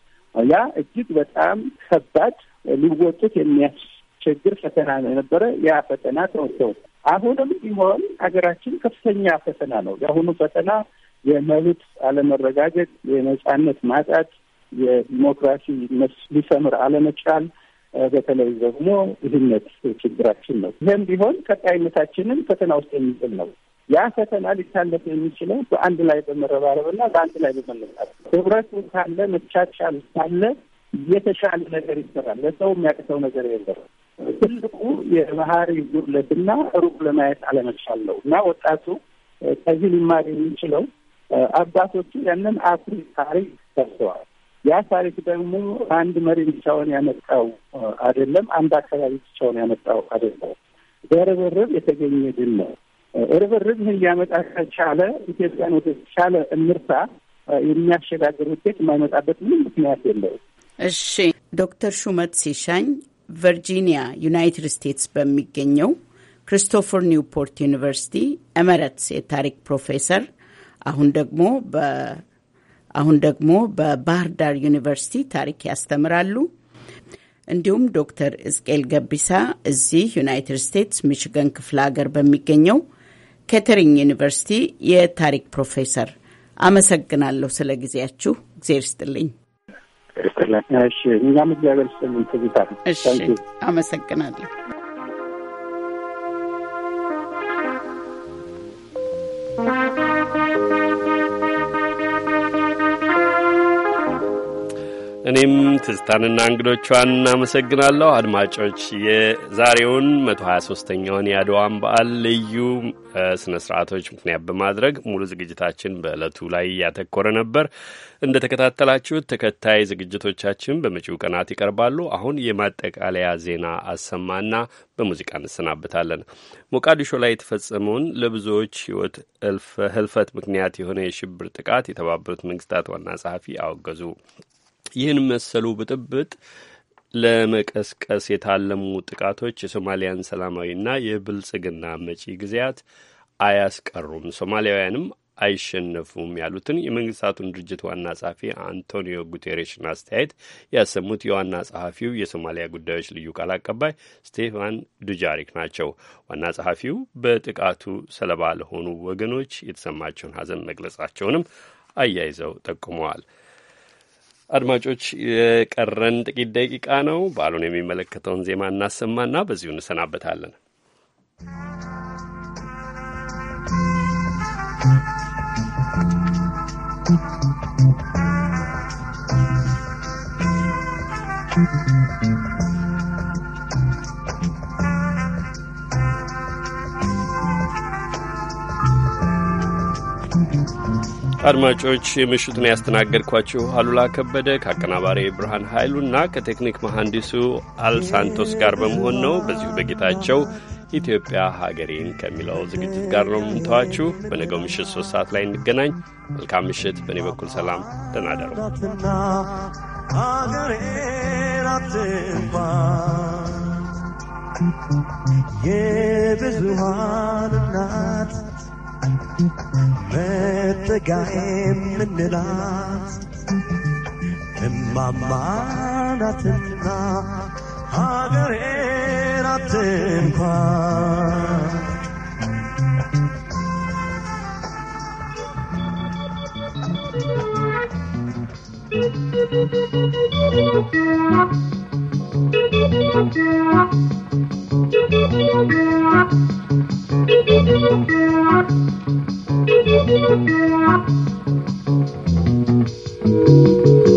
ያ እጅግ በጣም ከባድ ሊወጡት የሚያስቸግር ፈተና ነበረ። ያ ፈተና ተወጥተውታል። አሁንም ቢሆን ሀገራችን ከፍተኛ ፈተና ነው። የአሁኑ ፈተና የመብት አለመረጋገጥ፣ የነጻነት ማጣት፣ የዲሞክራሲ ሊሰምር አለመቻል፣ በተለይ ደግሞ ድህነት ችግራችን ነው። ይህም ቢሆን ቀጣይነታችንን ፈተና ውስጥ የሚጥል ነው። ያ ፈተና ሊታለፍ የሚችለው በአንድ ላይ በመረባረብና በአንድ ላይ በመነሳት ህብረቱ ካለ መቻቻል ካለ የተሻለ ነገር ይሰራል። ለሰው የሚያቅተው ነገር የለም። ትልቁ የባህሪ ጉድለትና ሩቅ ለማየት አለመቻል ነው እና ወጣቱ ከዚህ ሊማር የሚችለው አባቶቹ ያንን አኩሪ ታሪክ ሰርተዋል። ያ ታሪክ ደግሞ አንድ መሪ ብቻውን ያመጣው አይደለም፣ አንድ አካባቢ ብቻውን ያመጣው አይደለም። በርብርብ የተገኘ ድል ነው። ርብርብ ይህን ሊያመጣ ከቻለ ኢትዮጵያን ወደ ተሻለ እምርታ የሚያሸጋግር ውጤት የማይመጣበት ምንም ምክንያት የለውም። እሺ ዶክተር ሹመት ሲሻኝ ቨርጂኒያ ዩናይትድ ስቴትስ በሚገኘው ክሪስቶፈር ኒውፖርት ዩኒቨርሲቲ ኤመረትስ የታሪክ ፕሮፌሰር አሁን ደግሞ አሁን ደግሞ በባህር ዳር ዩኒቨርሲቲ ታሪክ ያስተምራሉ። እንዲሁም ዶክተር እዝቅኤል ገቢሳ እዚህ ዩናይትድ ስቴትስ ሚችገን ክፍለ ሀገር በሚገኘው ኬተሪንግ ዩኒቨርሲቲ የታሪክ ፕሮፌሰር። አመሰግናለሁ ስለ ጊዜያችሁ። እግዜር ይስጥልኝ። እሺ፣ እኛም እግዚአብሔር ስጥልን ትዝታ። እሺ፣ አመሰግናለሁ። እኔም ትዝታንና እንግዶቿን እናመሰግናለሁ። አድማጮች የዛሬውን 123ኛውን የአድዋን በዓል ልዩ ስነ ስርዓቶች ምክንያት በማድረግ ሙሉ ዝግጅታችን በዕለቱ ላይ ያተኮረ ነበር። እንደ ተከታተላችሁት ተከታይ ዝግጅቶቻችን በመጪው ቀናት ይቀርባሉ። አሁን የማጠቃለያ ዜና አሰማና በሙዚቃ እንሰናበታለን። ሞቃዲሾ ላይ የተፈጸመውን ለብዙዎች ሕይወት ህልፈት ምክንያት የሆነ የሽብር ጥቃት የተባበሩት መንግስታት ዋና ጸሐፊ አወገዙ። ይህን መሰሉ ብጥብጥ ለመቀስቀስ የታለሙ ጥቃቶች የሶማሊያን ሰላማዊና የብልጽግና መጪ ጊዜያት አያስቀሩም፣ ሶማሊያውያንም አይሸነፉም ያሉትን የመንግስታቱን ድርጅት ዋና ጸሐፊ አንቶኒዮ ጉቴሬሽን አስተያየት ያሰሙት የዋና ጸሐፊው የሶማሊያ ጉዳዮች ልዩ ቃል አቀባይ ስቴፋን ዱጃሪክ ናቸው። ዋና ጸሐፊው በጥቃቱ ሰለባ ለሆኑ ወገኖች የተሰማቸውን ሐዘን መግለጻቸውንም አያይዘው ጠቁመዋል። አድማጮች የቀረን ጥቂት ደቂቃ ነው። በዓሉን የሚመለከተውን ዜማ እናሰማና በዚሁ እንሰናበታለን። አድማጮች የምሽቱን ያስተናገድኳችሁ አሉላ ከበደ ከአቀናባሪ ብርሃን ኃይሉና ከቴክኒክ መሐንዲሱ አልሳንቶስ ጋር በመሆን ነው። በዚሁ በጌታቸው ኢትዮጵያ ሀገሬን ከሚለው ዝግጅት ጋር ነው የምንተዋችሁ። በነገው ምሽት ሶስት ሰዓት ላይ እንገናኝ። መልካም ምሽት። በእኔ በኩል ሰላም፣ ደህና ደሩ። የብዙሃን እናት መጠጊያዬ የምንላት እማማ ናትና ሀገሬ Thank you. Thank you.